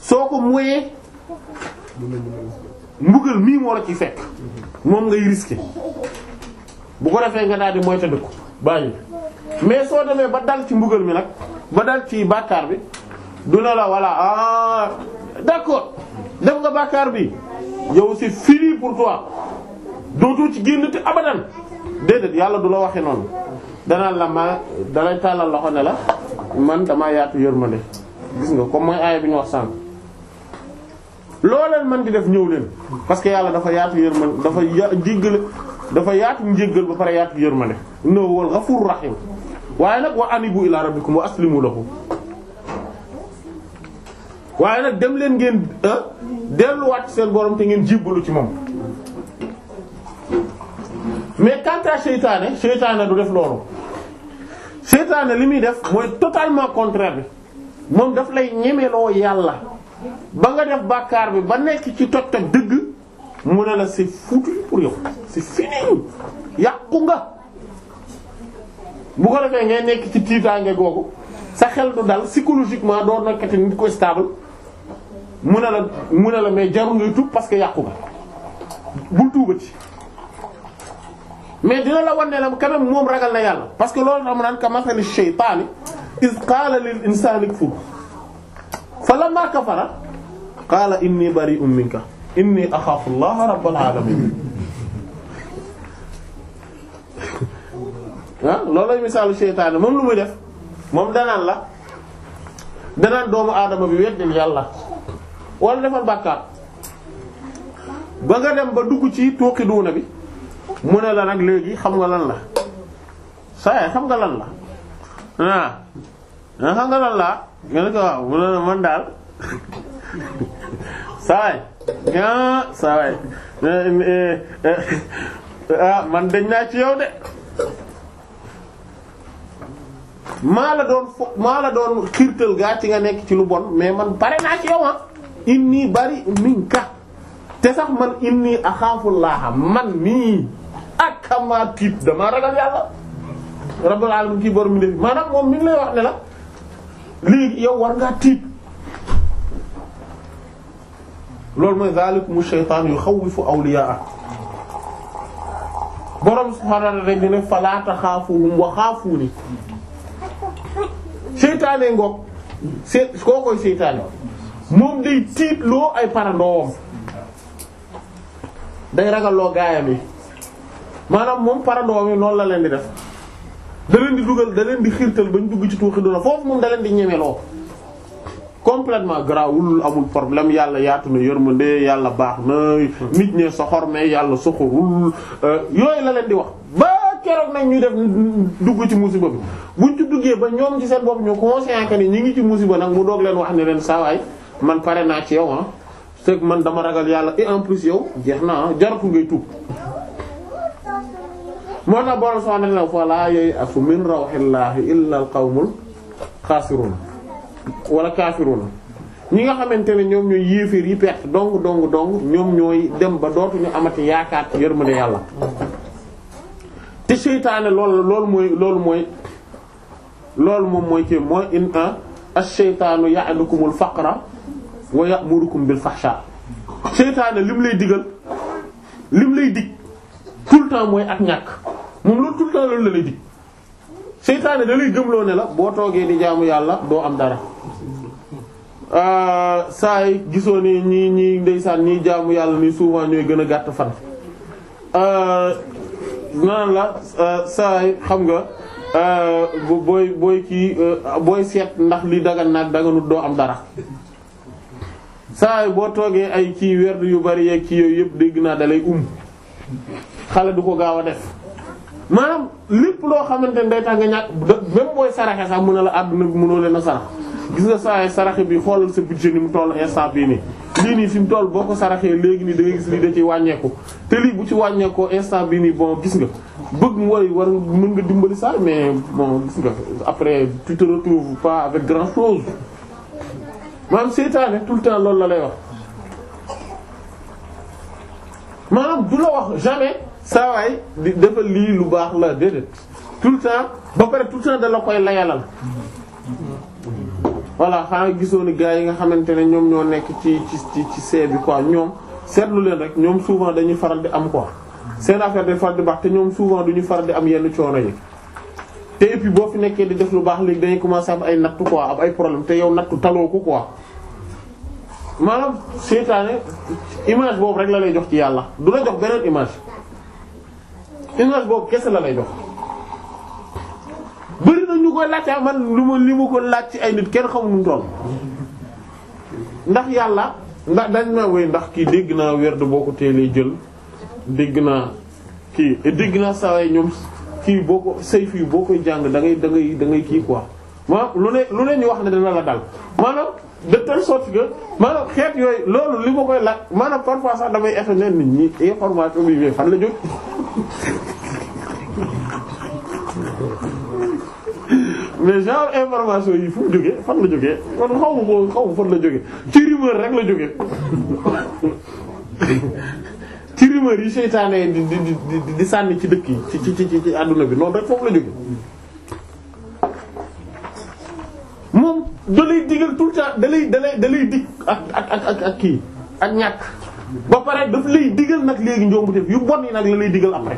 soo ko moyee mbugal mii moo la ci fekk moom ngay risqué bu ko defee nga daal di moytandiku bàyyi mais soo demee ba dal ci mbugal mi nag ba dal ci bàkkaar bi du ne la voilà ah d'accord def nga bàkkaar bi yow c'est fini pour toi dootoo ci génn te abadan déedéet yàlla du la waxee noonu danaan la ma dalay tàllal loxo ne la man damaa yaatu yërmande gis nga kom mooy aaya bi ñu wax sànq loo man di def ñëw leen parce que yàlla dafa yaatu yërmande dafa ya jéggale dafa yaatu njéggal ba pare yaatu yërmande no wal ghafur rahim waaye nag wa anibu ila rabbikum wa aslimu lahu waaye nag dem leen ngeen ah, delluwaat seen borom te ngeen jébbalu ci moom mais quant à seytaane seytaane du def loolu seytaane li muy def mooy totalement contraire bi moom daf lay ñemeloo yàlla ba nga def bàkkaar bi ba nekk ci toj toj dëgg mu ne la c'est foutu pour yow c'est fini yàqu nga bu ko defee ngay nekk ci tiitaange boobu sa xel du dal psychologiquement doo nekkati nit ko stable mu ne la mu ne la mais jarul ngay tuub parce que yàqu nga bul tuubati mais dina la wan ne la quand même moom ragal na yàlla parce que loolu tax mu naan ka masali shaytaani iz qaala lil insaani kfur falammaa kafara qaala inni bari'un minka inni axaafu llaha rabbal aalamiin ah loolu lay misaalu shaytaani moom lu muy def. moom danaan la danaan doomu aadama bi weddil yàlla wala defal bàkkaar ba nga dem ba dugg ci tuuki duuna bi mu ne la nag léegi xam nga lan la saa xam nga lan la ah, ah xam nga lan laa nga ne ko waaw mu ne la man daal saa ah saa eh, eh, eh, ah, man dañ naa ci yow de. maa la doon fo maa la doon xiirtal gaa ci nga nekk ci lu bon mais man pare naa ci yow ah inni bari minka te sax man inni axaafullaaha man nii ak xamaa tiit damaa ragal yàlla rabbul alamin kii borom mi def maanaam moom mi ngi lay wax ne la léegi yow war ngaa tiit loolu mooy zaalikumu shaytaan yuxawwifu awliyaa borom subhaanahu wa ta'aala dina falaa taxaafuhum wa xaafuuni seytaane ngoog seet koo koy moom day tiitloo ay parandoowam day loo gaayam yi maanaam moom parandoowam yi noonu la leen di def da leen di dugal da leen di ba ñu dugg ci tuuxi doona foofu moom da leen di ñemeloo completement garaawul amul poroblème yàlla yaatu na yërmande yàlla baax na nit ñee soxor mais yàlla soxorul euh, yooyu la leen di wax keroog nag ñu def dugg ci musiba bi buñ ci duggee ba ñoom ci seen bopp ñu conscient que ni ñu ngi ci musiba nag mu doog leen wax ne leen saawaay man pare naa ci yow ah c'est que man dama ragal yàlla et en plus yow jeex naa ah jaratu ngay tuub moo tax borom subhaanahu wa ta'aala falaa yay'asu min rawhillaahi illa al qawmul xaasiruun wala kaafiruun ñi nga xamante ne ñoom ñooy yéeféer yi perte dong dong dong ñoom ñooy dem ba dootuñu amati yaakaar yërmande yàlla te seytaane loolu loolu mooy loolu mooy moom mooy ci mooy in a ah, ash-shaytaanu ya'idukumul faqra wa ya'murukum bil fahsha seytaane lim lay digal lim lay le temps mooy ak ñàkk moom loolu da lay la boo toogee di jaamu yàlla doo am dara ah, saa yi gisoo ne ñi ñii ndeysaan ñii jaamu yàlla ni souvent ñooy gën a gàtt fan ah, naan la euh, saay xam nga euh, booy booy kii euh, booy seet ndax li dagan naag daganut doo am dara saay boo toogee ay kii werd yu bari yeeg ci yooyu yëpp dégg naa dalay um xale du ko gaaw a def maanaam lépp loo xamante ne day tax nga ñàkk même booy saraxe sax mën a la àdduna bi mënoo leen a sarax gis nga saa saraxe bi xoolal sa budget ni mu toll instant bii nii lii nii fi mu toll boo ko saraxee léegi nii da nga gis lii da ciy wàññeeku te lii bu ci wàññeekoo instant bi nii bon gis nga bëgg mu war a mun nga dimbali saa mais bon gis nga après tu te retrouves pas avec grand chose maanaam seytaane tout le temps loolu la lay wax maanaam du la wax jamais saa waay di defal lii lu baax la déedéet tout le temps ba pare tout le temps da koy layalal. voilà xanaa gisoon ni gars yi nga xamante ne ñoom ñoo nekk ci ci ci see bi quoi ñoom seetlu leen rek ñoom souvent dañuy faral di am quoi seen affaire day faral di baax te ñoom souvent duñu faral di am yenn coono yi te et puis boo fi nekkee di def lu baax léegi dañuy commencer am ay nattu quoi am ay problème te yow nattu taloo ko quoi maanaam seytaane image boobu rek la lay jox ci yàlla du la jox beneen image image boobu kese la lay jox. bëri na ñu koy laajte ah, man li ma li ma ko laaj ci ay nit kenn xamu nu doon ndax yàlla ndax dañ ma wéy ndax kii dégg naa werd boo ko teelee jël dégg naa kii dégg naa saa ñoom kii boo ko sayf yi boo koy jàng da ngay dangay ngay da ngay kii quoi maanaam lu ne lu ne ñu wax ne dana la dal maanaam de telle sorte que maanaam xeet yooyu loolu li ma koy laaj maanaam parfois sax damay effet neen nit ñi information bi fan la jot mais genre information yi fu mu fan la jógee kon xaw ma fan la jógee ci rumeur rek la jógee ci rumeur yi seytaane di di di sànni ci dëkk yi ci ci ci ci àdduna bi noonu rek foofu la jógee. moom da lay digal tout le temps ak ak ak ak kii ak ñàkk ba pare daf lay digal nag léegi njombu def yu bon yi nag la lay digal après.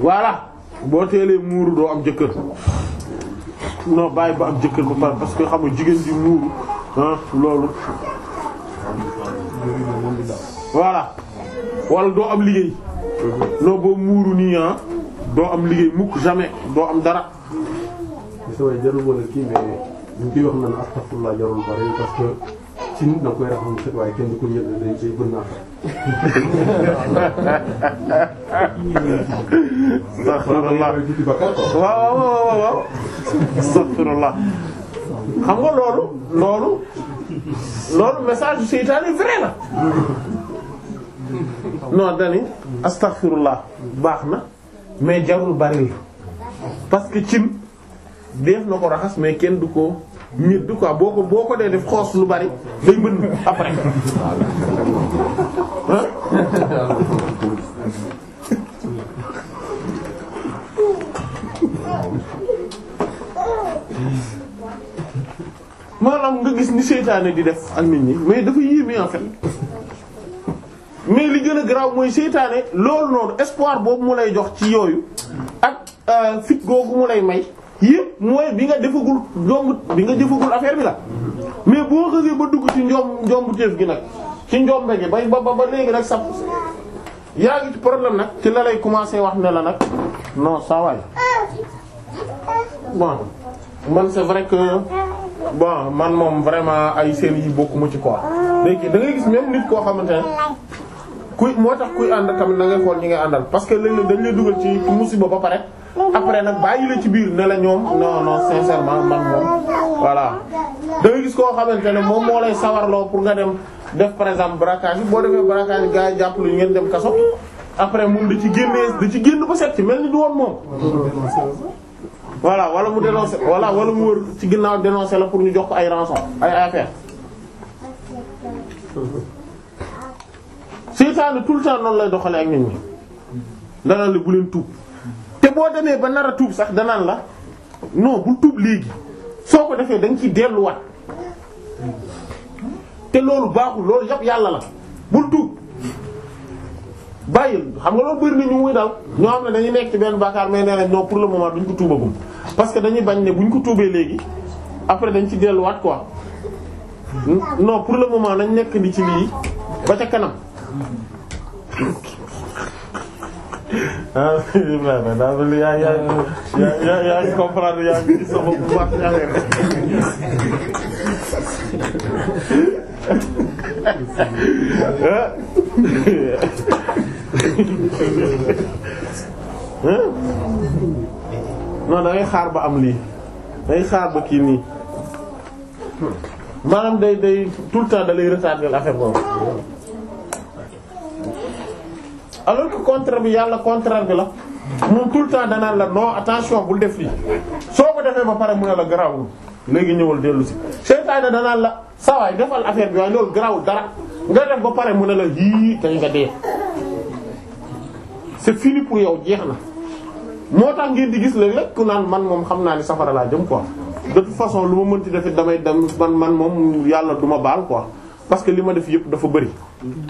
voilà. boo teelee muuru doo am jëkkër munoo bàyyi ba am jëkkër ba pare parce que xam jigéen ji muuru ah loolu voilà wala doo am liggéey non boo muuru nii ah doo am liggéey mukk jamais doo am dara bisaway jarul woon kii sin waaw waaw waaw astaghfirullah xam nga loolu loolu loolu message seytaane vrai la non dani astaghfirullah baax na mais jarul bari la parce que cin def na ko raxas mais kenn du ko miir boo ko boo ko dee def xoos lu bari day mën après nga gis ni seytaane di def ak nit ñi mais dafa yéeme en fait mais li gën a garaaw mooy seytaane loolu noonu espoir boobu mu lay jox ci yooyu ak euh, fit googu mu lay may yëpp mooy bi nga defagul njomb bi nga defagul affaire bi la mais boo xësee ba dugg ci njom njomb teef gi nag ci njombe gi bay ba ba léegi nag sa yaa ngi ci problème nag ci la lay commencer wax ne la nag non saa waay bon man c'est vrai que bon man moom vraiment ay seen yi bokkuma ci quoi léegi da gis même nit koo xamante ne kuy moo tax kuy ànd tamit na ngay xool ñi ngay àndal parce que léeg-léeg dañ lay dugal ci musiba ba pare après nag bàyyi la ci biir ne la ñoom non non sincèrement man moom voilà da ngay gis koo xamante ne moom moo lay sawarloo nga dem def par exemple braquage boo defee braquage gars yi jàpp lu ngeen dem kaso après moom da ci génnee da ci génn ba set ci mel ni du woon moom voilà wala mu dénoncé voilà wala mu wër ci ginnaaw dénoncé la pour ñu jox ko ay rançon ay affaire seytaane tout le temps noonu lay doxale ak nit ñi danaan la bu leen tuub te boo demee ba nar tuub sax danaan la non bul tuub léegi soo ko defee dañ ci ciy delluwaat te loolu baaxul loolu yëpp yàlla la bul tuub bàyyil xam nga loo bëri na ñu muy dal ñoo xam ne dañuy nekk ci benn bàkkaar mais nee nañ non pour le moment duñ ko tuubagum parce que dañuy bañ ne buñ ko tuubee léegi après dañ ci delluwaat quoi non pour le moment nañ nekk ni ci lii ba ca kanam. ah Ibrahima daal de xaar ba am lii da xaar ba kii nii maanaam day day tout le temps da lay alors que contraire bi yàlla contraire bi la moom tout le temps danaan la non attention bul def lii soo ko defee ba pare mu ne la garaawul léegi ñëwal dellu si seytaane danaan la sawaay defal affaire bi waaye loolu dara nga def ba pare mu ne la yii tey nga dee c'est fini pour yow jeex na moo tax ngeen di gis léeg-léeg ku naan man moom xam naa ni safara laa jëm quoi de façon lu ma mënti defit damay dem man man moom yàlla du baal quoi parce que li ma def yëpp dafa bari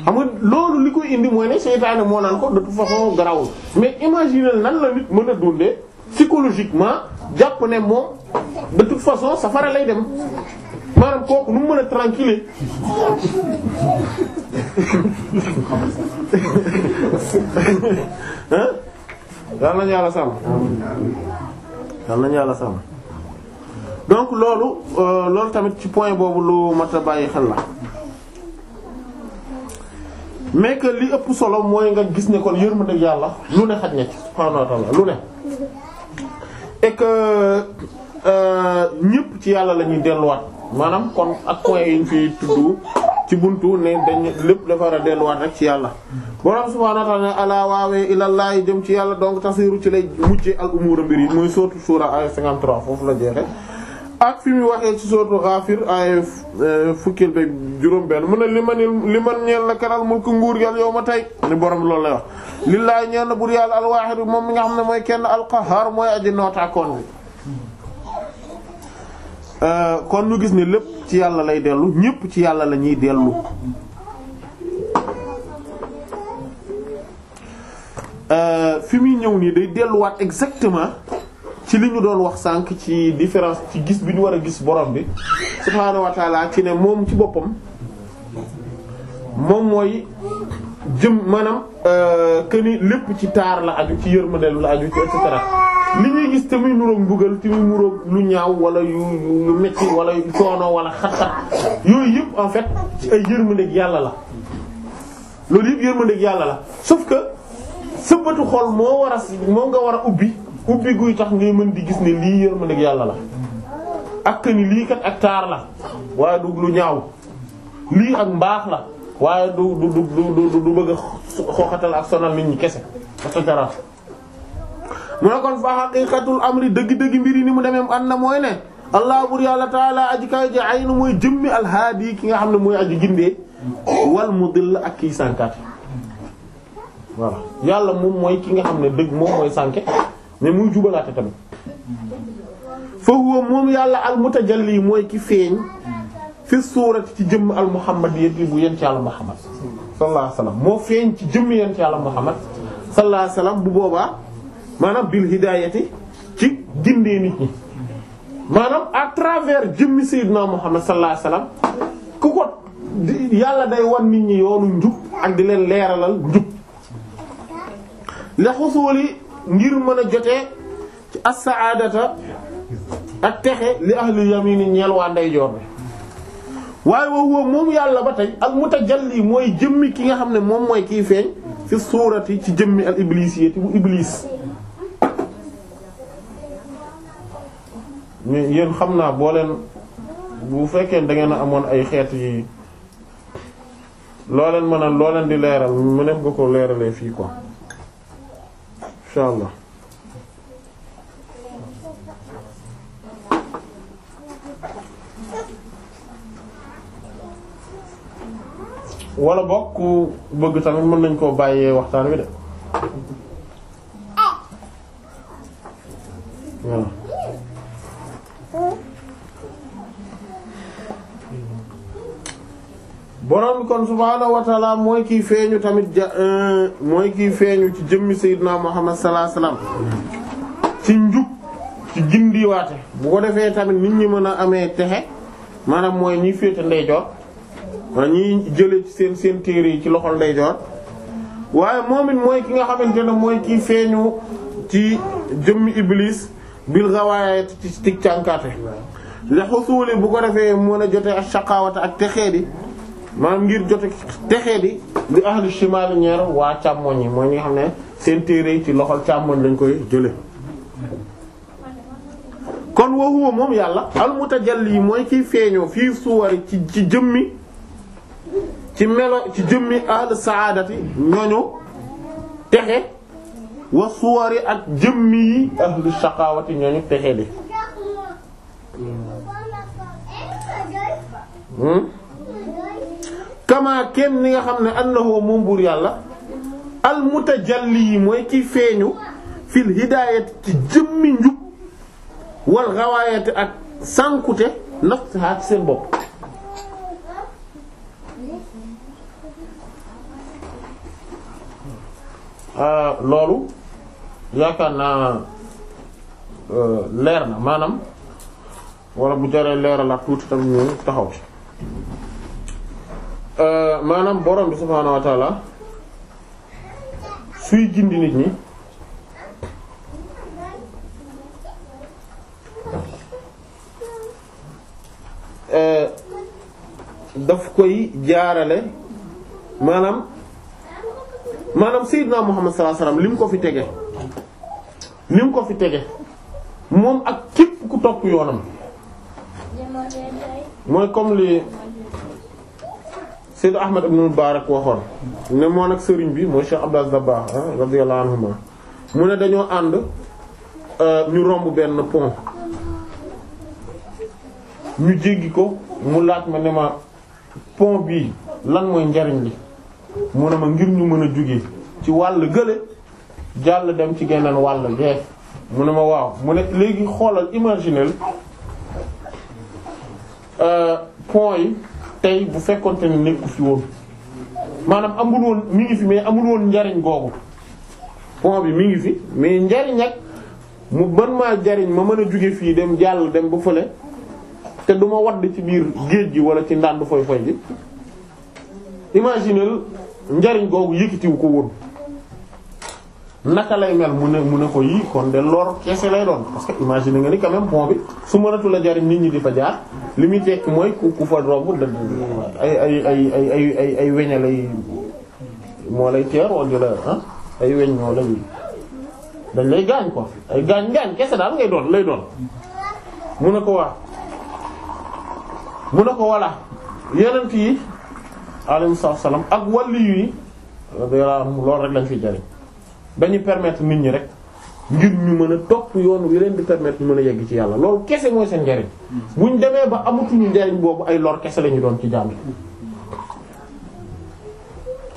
xam nga loolu li koy indi mooy ne seytaane moo naan ko de toute façon garawul mais imaginer nan la nit mën a dundee psychologiquement jàpp ne moom de toute façon safara lay dem maanaam kooku nu mu mën a tranquille hein yal nañu yàlla sàmm yal nañu yàlla sàmm donc loolu euh, loolu tamit ci point boobu lu mat a xel la mais que li ëpp solo mooy nga gis ne kon yërmandeeg yàlla lu ne xaj na ci subhaanahu wa ta'aala lu ne et que euh, ñëpp ci yàlla la ñuy delluwaat maanaam kon ak point yi ñu fi tuddu ci buntu ne dañ lépp dafa war a delluwaat rek ci yàlla borom subhaanahu wa ta'aala ne alaa waawee ilallaahi jëm ci yàlla donc tasiru ci lay mujje al umur mbir yi muy sootu suura ay 53 foofu la jeexee ak fi muy waxee ci sootu Ghafir ay euh, fukkeel beeg juróom-benn mu ne li man li la ñeel na kanal mulk nguur yàlla yow ma tey ni borom loolu lay wax. lillaay ñeel na bur yàlla al moom mi nga xam ne mooy kenn al-Qahhar mooy aji nootaakoon bi. Euh, kon ñu gis ne lépp ci yàlla lay dellu ñépp ci yàlla la ñuy dellu. Euh, fi muy ñëw nii day delluwaat exactement. ci li ñu doon wax sànq ci différence ci gis bi ñu war a gis borom bi subhaanahu wa taala ci ne moom ci boppam moom mooy jëm maanaam euh, que ni lépp ci taar la aju ci yërmandeelu la aju ci et li ñuy gis te muy nuroog mbugal te muy nuroog lu ñaaw wala yu metti wala yu coono wala xat-xat yooyu yëpp en fait ci ay yërmandeeg yàlla la loolu yëpp yërmandeeg yàlla la sauf que sëbbatu xol moo war a moo nga war a ubbi. ubbi guy tax ngay mën di gis ne lii yërmandeeg yàlla la ak ni lii kat ak taar la waaye du lu ñaaw lii ak mbaax la waaye du du du du du bëgg a ak sonal nit ñi kese mu ne kon fa haqiqatul amri dëgg-dëgg mbir yi ni mu demee an na mooy ne allah bur yàlla taala aji kaw ji ay na mooy jëmmi alhaadi ki nga xam ne mooy aji gindee wal mudill ak kii sànkaat yàlla moom mooy ki nga xam ne dëgg moom mooy sànke mais muy jubalaate tamit fa huwa moom yàlla al mutajalli mooy ki feeñ fi suurati ci jëmm al muhammad yépp bu yent yàlla muhammad sallallahu alayhi wasallam moo feeñ ci jëmm yent yàlla muhammad sallallahu alayhi wasallam bu boobaa maanaam bil hidaayati ci gindee nit ñi maanaam à travers jëmmi sayyidina muhammad sallallahu alayhi wasallam ku ko yàlla day wan nit ñi yoonu njub ak di leen leeralal njub la xusuli ngir mën a jotee ci as-sa'adata ak texe li ahli yamini ñeel waa ndeyjoor bi waaye woowu woowu moom yàlla ba tey ak mutajalli mooy jëmmi ki nga xam ne moom mooy kiy feeñ fi suurati ci jëmmi al iblisiyati bu iblis. mais yéen xam naa boo leen bu fekkee da ngeen a amoon ay xeet yi loo mën a loo leen di leeral mu ne nga ko leeralee fii ko incha allah wala bokk ku bëgg tamit mën nañ koo bàyyee waxtaan wi de voilà borom kon subhaanahu wa mooy kii feeñu tamit ja euh, mooy kiy feeñu ci jëmmi sayyidina Muhammad sallallahu alayhi wasallam ci njub ci gindiwaate bu ko defee tamit nit ñi mën a amee texe maanaam mooy ñi féete ndeyjoor wa ñi jëlee seen seen téere yi ci loxol ndeyjoor waaye moom it mooy ki nga xamante ne mooy kiy feeñu ci jëmmi iblis bil gawaayat ci tig cànkaate li xusuuli bu ko defee mën a jotee ak shaqaawata ak texee di maanaam ngir jote texee di di ahlu shimal ñeer waa càmmoñ yi mooy ñi nga xam ne seen téere yi ci loxol càmmoñ lañ koy jële kon wa huwa moom yàlla al mutajalli mooy kiy feeñoo fii suwari ci ci jëmmi ci melo ci jëmmi ahlu saadati ñooñu texe wa suwari ak jëmmi yi ahlu shaqawati ñooñu texe di hmm? kamaa kenn ni nga xam ne annahu moom buur yàlla al mutajalli mooy ki feeñu fil hidaayati ci jëmmi njub wal xawaayati ak sànkute nafsiha ak seen bopp ah, loolu yaakaar naa euh, leer na maanaam wala bu jaree leeralaat tuuti tam ñu taxaw maanaam borom bi subhaanahu wa taala suy gindi nit ñi eh, daf koy jaarale maanaam maanaam Seydina Muhammad sallallahu li mu ko fi tege li mu ko fi tege moom ak képp ku topp yoonam mooy comme li Seydou Ahmad ibn Mubarak waxoon ne moo nag sëriñ bi mooy Cheikh ba baax ah, radiyallahu anhuma mu ne dañoo ànd euh, ñu romb benn pont ñu jéggi ko mu laaj ma ne ma pont bii lan mooy njariñ li mu ne ma ngir ñu mën a jóge ci wàll gële jàll dem ci geneen wàll gee mu ne ma waaw mu ne léegi xoolal imaginer euh, pont yi tey bu fekkoonte ne nekku fi woon maanaam amul woon mi ngi fi mais amul woon njariñ googu pont bi mi ngi fi mais njariñ ak mu ban maa jariñ ma mën a jóge fii dem jàll dem ba fële te du ma wadd ci biir géej gi wala ci ndànd foy foy gi imagineel njariñ googu yëkkatiwu ko woon naka lay mel mu ne mu ne ko yii kon de lor kese lay doon parce que imagine nga ni quand même pont bi su mënatu la jariñ nit ñi di fa jaar li muy tekki mooy ku ku fa romb ay ay ay ay ay ah, dañ lay gaañ ko ay gaañ gaañ kese daal ngay doon lay doon mu ne ko waa mu ne ko walla yeneen yi alayhi salaam ak wàllu yi rek lañ fi jariñ dañuy permettre nit ñi rek ngir ñu mën a topp yoon wi leen di permettre mën a yegg ci yàlla loolu kese mooy seen njariñ bu ñu demee ba amatuñu njariñ boobu ay lor kese la ñu doon ci jàmm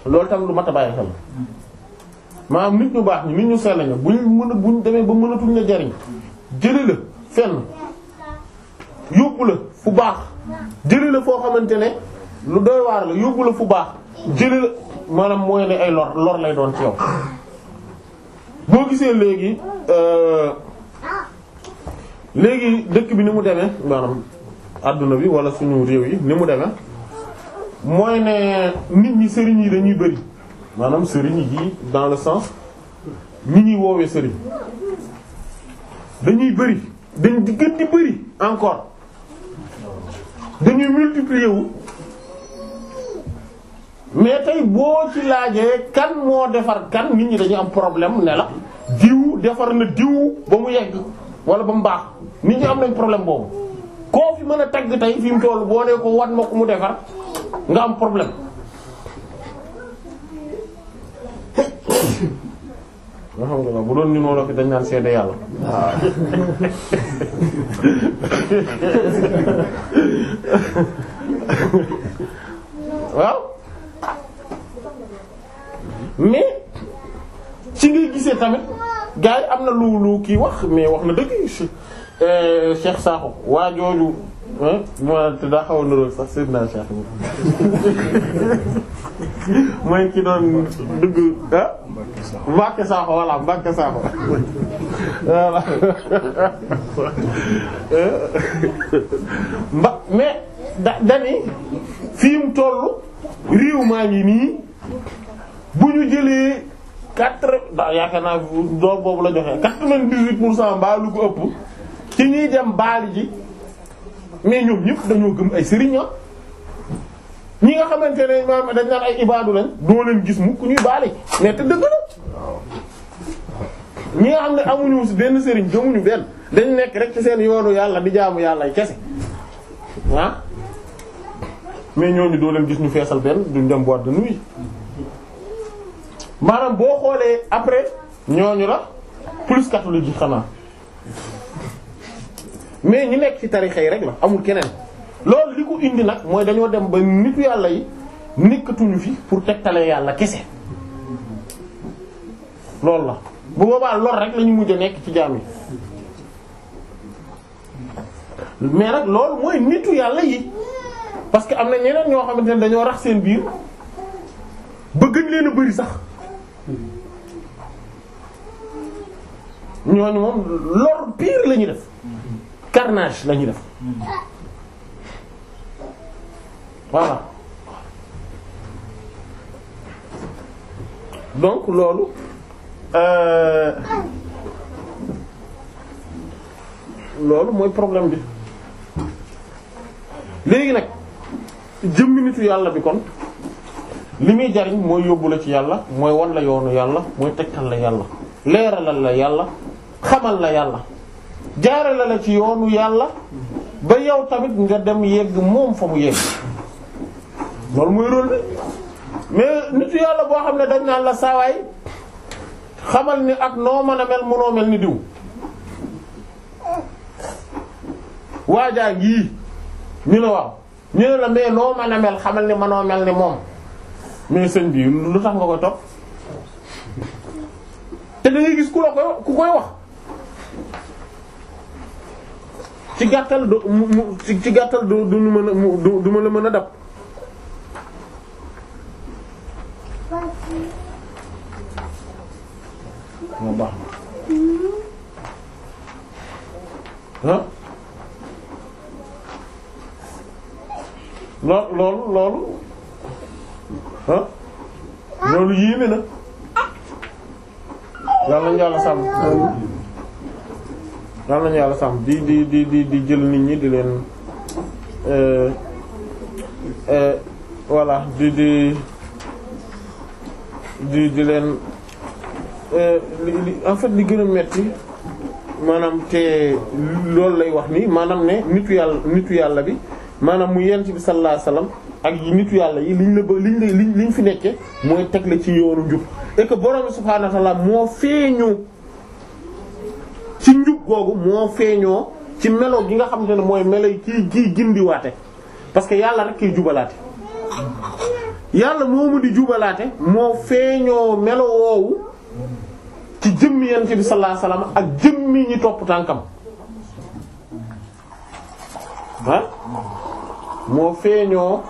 loolu tam lu mat a bàyyi xel maanaam nit ñu baax ñi nit ñu sell ña bu ñu mën a bu ñu demee ba mënatuñ la jariñ jëli la fenn yóbbu la fu baax jëli la foo xamante ne lu doy waar la yóbbu la fu baax jëli la maanaam mooy ne ay lor lor lay doon ci yow. boo gisee léegi euh, léegi dëkk bi ni mu demee maanaam àdduna bi wala suñu réew yi ni mu demee mooy ne nit ñi sëriñ yi dañuy bëri maanaam sëriñ yi dans le sens nit ñi woowee sëriñ dañuy bëri dañ di gën di bëri encore dañuy multiplier mais tey boo ci laajee kan moo defar kan nit ñi dañu am problème ne la diw defar na diw ba mu yegg wala ba mu baax nit ñi am nañ problème boobu koo fi mën a tagg tey fi mu toll boo ne ko wan ma ko mu defar nga am problème alhamdulilah bu doon ñu noonu fi dañ naan seede yàlla waaw mais ci ngay gisee tamit gars yi am na lu lu kii wax mais wax na dëgg euh, Cheikh Sakho waa jooju ma te daa xaw a niróo sax sëñ naa Cheikh mooy ci doon dugg ah Mbacke Sakho voilà Mbacke Sakho mba mais da dañuy fi mu toll réew maa ngi nii. bu ñu jëlee quatre daa yaakaar naa door boobu la joxee quatre-vingt-dix-huit pour cent mbaa lu ko ëpp ci ñuy dem baali ji mais ñoom ñëpp dañoo gëm ay sëriñ ah. ñi nga xamante ne maanaam dañ naan ay ibaadu lañ doo leen gis mu ku ñuy baali mais te dëgg la ñi nga xam ne amuñu benn sëriñ gëmuñu benn dañ nekk rek ci seen yoonu yàlla di jaamu yàlla ay kese ah mais ñooñu doo leen gis ñu feesal benn duñ dem boîte de nuit. maanaam boo xoolee après ñooñu la plus catholique yi xanaa mais ñi nekk ci tarixa yi rek la amul keneen loolu li ko indi nag mooy dañoo dem ba nitu yàlla yi nekkatuñu fi pour teg tegtale yàlla kese loolu la bu boobaa lor rek la ñu mujj a nekk ci jaam yi mais nag loolu mooy nitu yàlla yi parce que am na ñeneen ñoo xamante ne dañoo rax seen biir ba gën leen a bari sax Hmm. ñooñu moom lor pire la def carnage la def voilà donc loolu euh, loolu mooy problème bi léegi nag jëmmi nitu yàlla bi kon li muy jariñ mooy yóbbu la ci yàlla mooy wan la yoonu yàlla mooy tegtal la yàlla leeralal la yàlla xamal la yàlla jaarale la ci yoonu yàlla ba yow tamit nga dem yegg moom fa mu yegg loolu mooy rôle mais nitu yàlla boo xam ne dañ naan la saawaay xamal ni ak noo mën a mel mënoo mel ni diw waajaa ngii ñu ne waaw ñu ne la mais noo mën a mel xamal ni mënoo mel ni moom mais seen bi lu tax nga koy topp te da ngay gis ku la koy ku koy wax ci gàttal du ci gàttal du du mën a du du ma la mën a dab. di di di di di jël nit ñi di leen euh, euh, voilà di di di di leen euh, en fait li gën a metti maanaam te loolu lay wax ni maanaam ne nitu yàlla nitu yàlla bi maanaam mu yent bi sallallahu alayhi ak yi nitu yàlla yi liñ la li liñ la liñ fi nekke mooy teg ci yoonu njub et que borom subhaanahu moo feeñu googu moo feeñoo ci melo gi nga xamante ne mooy melo kii kii gindiwaate parce que yàlla rek kiy jubalaate yàlla moomu di jubalaate moo feeñoo melo woowu ci jëmmi yonent bi sallallahu alayhi wasallam ak jëmmi topp tànkam ah moo feeñoo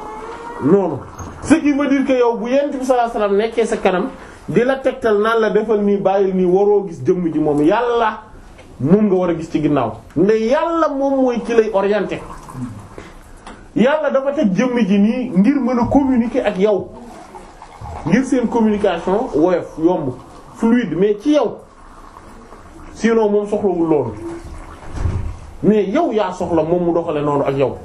noonu ce qui veut yow bu yonent bi sallallahu nekkee sa kanam di la tegtal naan la defal nii bàyyil nii waroo gis jëmm ji moom yàlla moom nga war a gis ci ginnaaw ne yàlla moom mooy ci lay oriente yàlla dafa teg jëmm ji nii ngir mën a communiquer ak yow ngir seen communication woyof yomb fluide mais ci yow sinon moom soxlawul loolu mais yow yaa soxla moom mu doxale noonu ak yow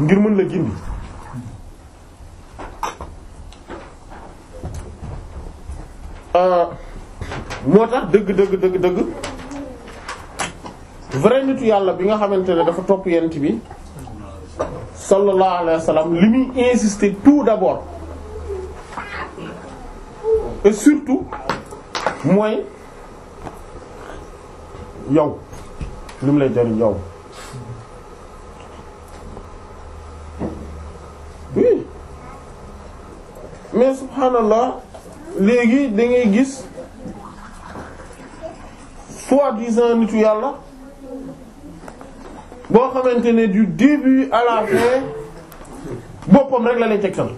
ngir mën la gindi euh, moo tax dëgg dëgg dëgg dëgg vrai yàlla bi nga xamante ne dafa topp yent bi sallallahu alayhi wa sallam li muy insister tout d'abord et surtout mooy yow li mu lay jariñ yow oui mais subhanallah léegi da ngay gis soi-disant nitu yàlla boo xamante ne du début à la fin boppam rek la lay tegtal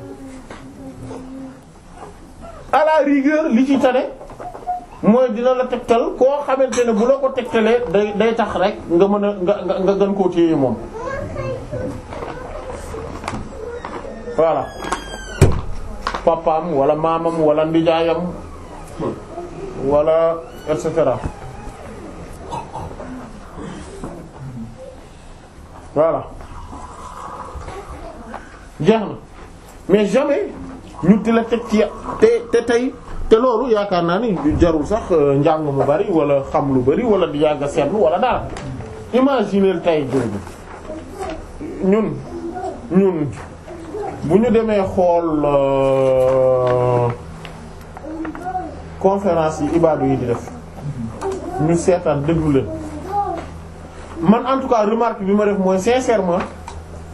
à la rigueur li ci tane mooy dina la tegtal koo xamante ne bu la ko tegtalee day day tax rek nga mën a nga nga gën koo téye moom voilà papaam wala maamam walla ndijaayam wala et voilà jeex na mais jamais ñu di la teg ci te te tey te loolu yaakaar naa ni jarul sax euh, njàng mu bari wala xam lu bari wala di yàgg a seetlu wala daal imaginer tey jii ñun ñun bu ñu demee xool euh, conférence yi ibaadu yi di def ñu seetaan déglu leen. man en tout cas remarque bi ma rek mooy sincèrement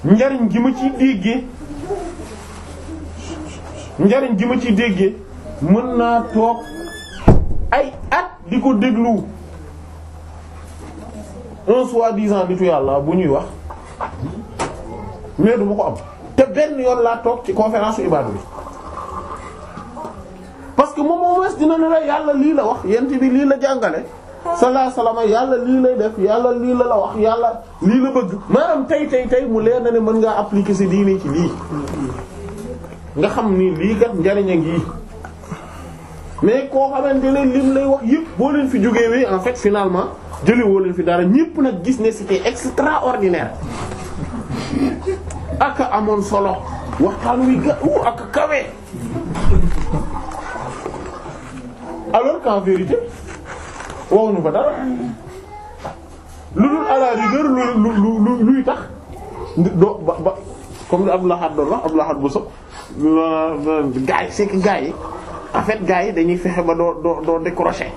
njariñ ji ma ci déggee njariñ gi ma ci déggee mën naa toog ay at di ko déglu un soi-disant nitu yàlla bu ñuy wax mais duma ko am te benn yoon laa toog ci conférence su ibaadu bi parce que moom au moins dina ne la yàlla lii la wax yent bi lii la jàngale sallallahu alayhi wasallam yàlla lii lay def yàlla lii la la wax yàlla lii la bëgg maanaam tey tey tey mu leer na ne mën ngaa appliquer si diine ci lii nga xam ni lii kat njariñ a mais koo xamante ne lim lay wax yëpp boo leen fi jógee wi en fait finalement jëli leen fi dara ñëpp nag gis ne c'était extraordinaire ak amoon solo waxtaan wi ga u ak kawe alors qu'en waxuñu fa dara lu dul à la rigueur lu lu luy tax doo ba ba comme Abdou Lahad doon wax Abdou bu sopp gaa yi c'est yi en fait yi dañuy fexe ba doo doo doo décrocher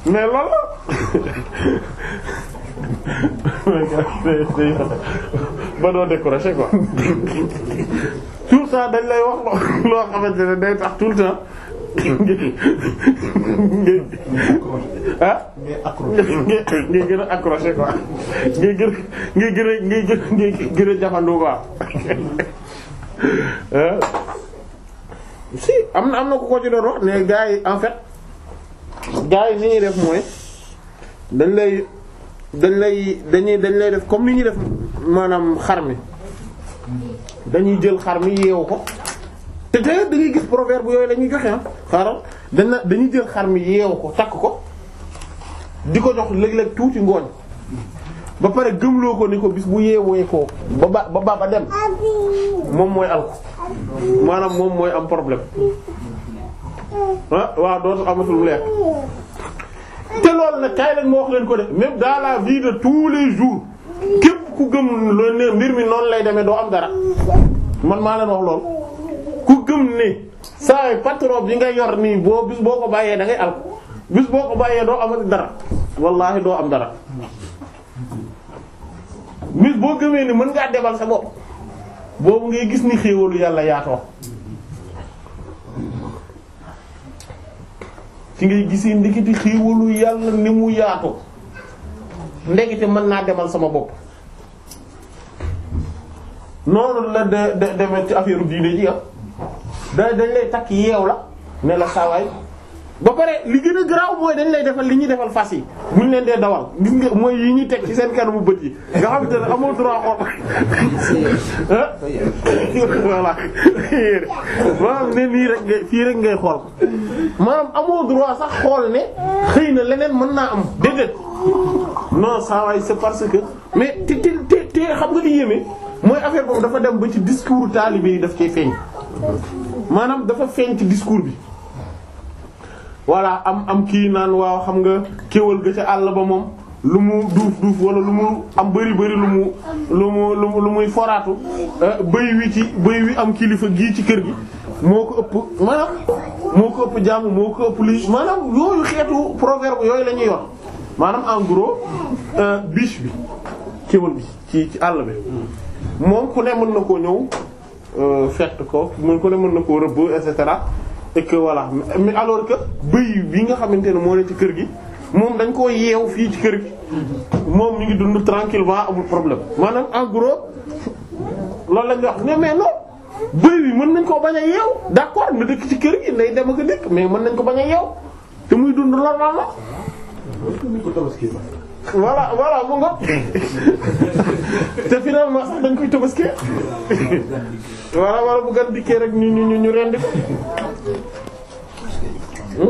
mais loolu ba doo tout le dañ lay wax loo xamante day tax tout temps. ngay ah ngay gën a accroché quoi ngay gën ngay gën a ngay gën ngay gën a jafandu quoi si am na am na ku ko ci doon wax ne gars yi en fait gars yi ni ñuy def mooy dañ lay dañ lay dañuy dañ lay def comme li ñuy def maanaam xar mi dañuy jël xar mi yeewu ko te d'ailleurs da ngay gis proverbe yooyu la ñuy joxe ah xaaral dañ dañuy jël xar mi yeewu ko takk ko di ko jox léeg-léeg tuuti ngooñ ba pare gëmloo ko ni ko bis bu yeewee ko ba ba ba ba dem moom mooy alko maanaam moom mooy am problème ah waaw dootul amatul lekk te loolu nag kaay leen moo wax leen ko de même dans la vie de tous les jours képp ku gëm loo ne mbir mi noonu lay demee doo am dara man maa leen wax lool. gëm ne saa patron bi nga yor nii boo bis boo ko bàyyee da ngay al bis boo ko bàyyee doo amati dara wallaahi doo am dara bis boo gëmee ni mën ngaa demal sa bopp boobu ngay gis ni xéewalu yàlla yaatoo ci ngay gisee ndekete xéewalu yàlla ni mu yaatu ndekete mën naa demal sama bopp noonu la de de demee ci affaire diine ji ah da dañ lay takk yeew la ne la sawaay ba pare li gën a garaaw mooy dañ lay defal li ñuy defal fas yi bu leen dee dawal gis nga mooy yi ñuy teg ci seen mu bët yi nga xam te ne amoo droit xool voilà maanaam ne nii rek ngay fii rek ngay xool maanaam amoo droit sax xool ne xëy na leneen mën naa am déedéet non saa waay c'est parce que mais te te te xam nga li yéeme mooy affaire boobu dafa dem ba ci discours talibé yi daf cay feeñ. maanaam dafa feeñ ci discours bi voilà am am kii naan waaw xam nga kéwal ga ca àll ba moom lu mu duuf duuf wala lu mu am bari bari lu mu lu mu lu muy foraatu eh, bëy wi ci bëy wi am kilifa gi ci kër gi moo ko ëpp maanaam moo ko ëpp jàmm moo ko ëpp li maanaam yooyu xeetu proverbe yooyu lañuy ñuy yor maanaam engros gros eh, bi kéwal bi ci ci àll bi hmm. moom ku ne mën na koo ñëw Euh, fett ko mën ko ne mën na koo rëbb et cetera et que voilà mais alors que bëy bi nga xamante ne moo ne ci kër gi moom dañ koo yeew fii ci kër gi moom mi ngi dund tranquillement amul problème maanaam en gros loolu la wax ne mais non bëy bi mën nañ koo bañ a yeew d'accord na dëkk ci kër gi day dem ak dëkk mais mën nañ ko bañ a yeew te muy dund normalement. voilà voilà mu dañ koy tëbaskee voilà wala bu gan rek ñu ñu ñu rendi ko hmm?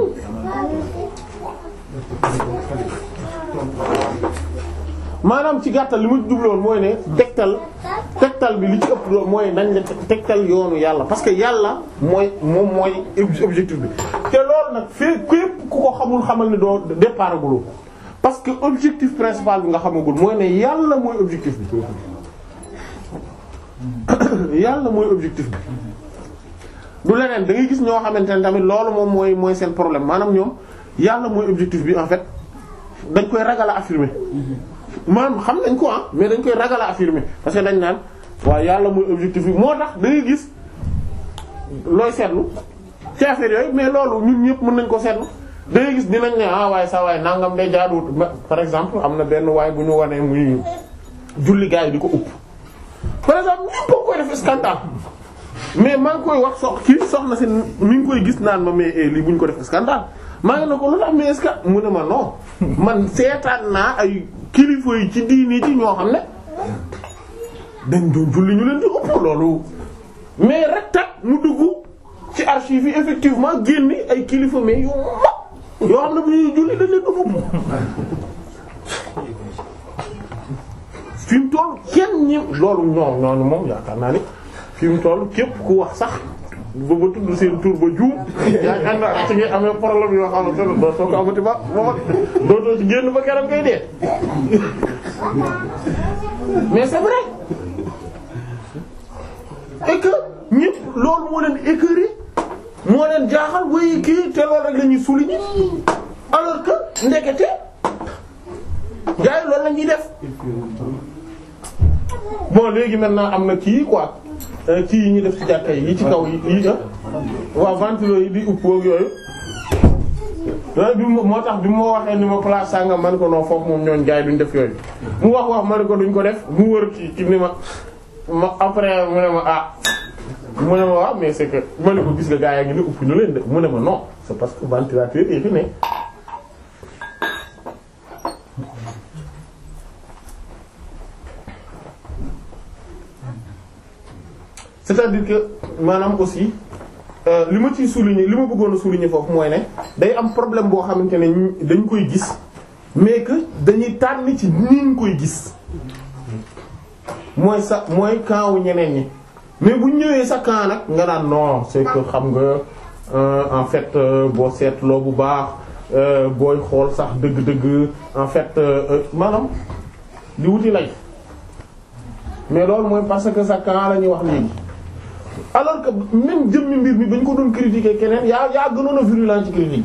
maanaam ci gàttal li mu jubloon mooy ne tegtal tegtal bi li ci ëpp mooy nañ la tegtal yoonu yàlla parce que yàlla mooy moom mooy objectif bi te loolu nag fii képp ku ko xamul xamal ne doo départ guloo parce que objectif principal bi nga xamagul mooy ne yàlla mooy objectif bi yàlla mooy objectif bi du leneen da gis ñoo xamante ne tamit loolu moom mooy mooy seen problème maanaam ñoom yàlla mooy objectif bi en fait dañ koy ragal a affirmer maanaam xam nañ ko am ah, mais dañ koy ragal a affirmer parce que dañ naan waaw yàlla mooy objectif bi moo tax da gis looy seetlu ci affaire mais loolu ñun ñëpp mën nañ ko seetlu. day gis dinañ ne ah waaye saa waaye nangam day jaaduwut par exemple am na benn waay bu ñu wanee muy julli gars yi di ko upp par exemple ñëpp koy mais maa ngi koy soxna si mi koy gis naan ma mais eh, lii bu ko def scandale maa na ko lu tax que mu ne ma man seetaan naa ay kilifa ci ñoo xam ne dañ doon julli ñu loolu mais rek tak mu dugg ci archive yi effectivement génn ay kilifa mais yoo xam ne bu ñuy julli leen dugg. fi mu toll kenn ñi loolu ñoo ñooñu moom yaakaar naa ni fi mu képp ku wax sax ba tudd seen tur ba juum yaakaar naa ci ngay amee problème yoo xamante ne dootoo ko amati ba ba dootoo ci génn ba keroog ngay dee mais c'est vrai et loolu moo leen écœuré. moo leen jaaxal waaye kii te loolu rek la ñuy souligner alors que ndekete gars yi loolu def bon léegi maintenant am na kii quoi euh, kii yi ñu def ci jàkka yi ci kaw yi yi ah waaw ventilo yi di upp ak yooyu euh, moo tax di ma waxee ni ma place sàngam man ko noo foofu moom ñoon jaay duñ def yooyu mu wax wax man ko duñ ko def mu wër kii ci ni ma ma après mu ne ma ah mu ne ma waaw ah, mais c'est que ma ne ko gis nga gaa yaa ngi ne upp ñu leen de mu ne ma non c'est parce que ventilateur yi fi ne c'est-à-dire que maanaam aussi euh, li ma ciy souligner li ma bëggoon a souligner foofu mooy ne day am problème boo xamante ne dañ koy gis mais que dañuy tànn ci ni ñu koy gis mooy sa mooy kaawu ñeneen ñi mais bu ñëwee sa camp nag nga naan non c'est que xam nga euh, en fait euh, boo seetloo bu baax euh, booy xool sax dëgg-dëgg en fait maanaam di wuti lay mais loolu mooy parce que sa camp la ñuy wax léegi alors que même jëmmi mbir mi bañ ko doon critiquer keneen yaa yaa gënoon a virulent ci critique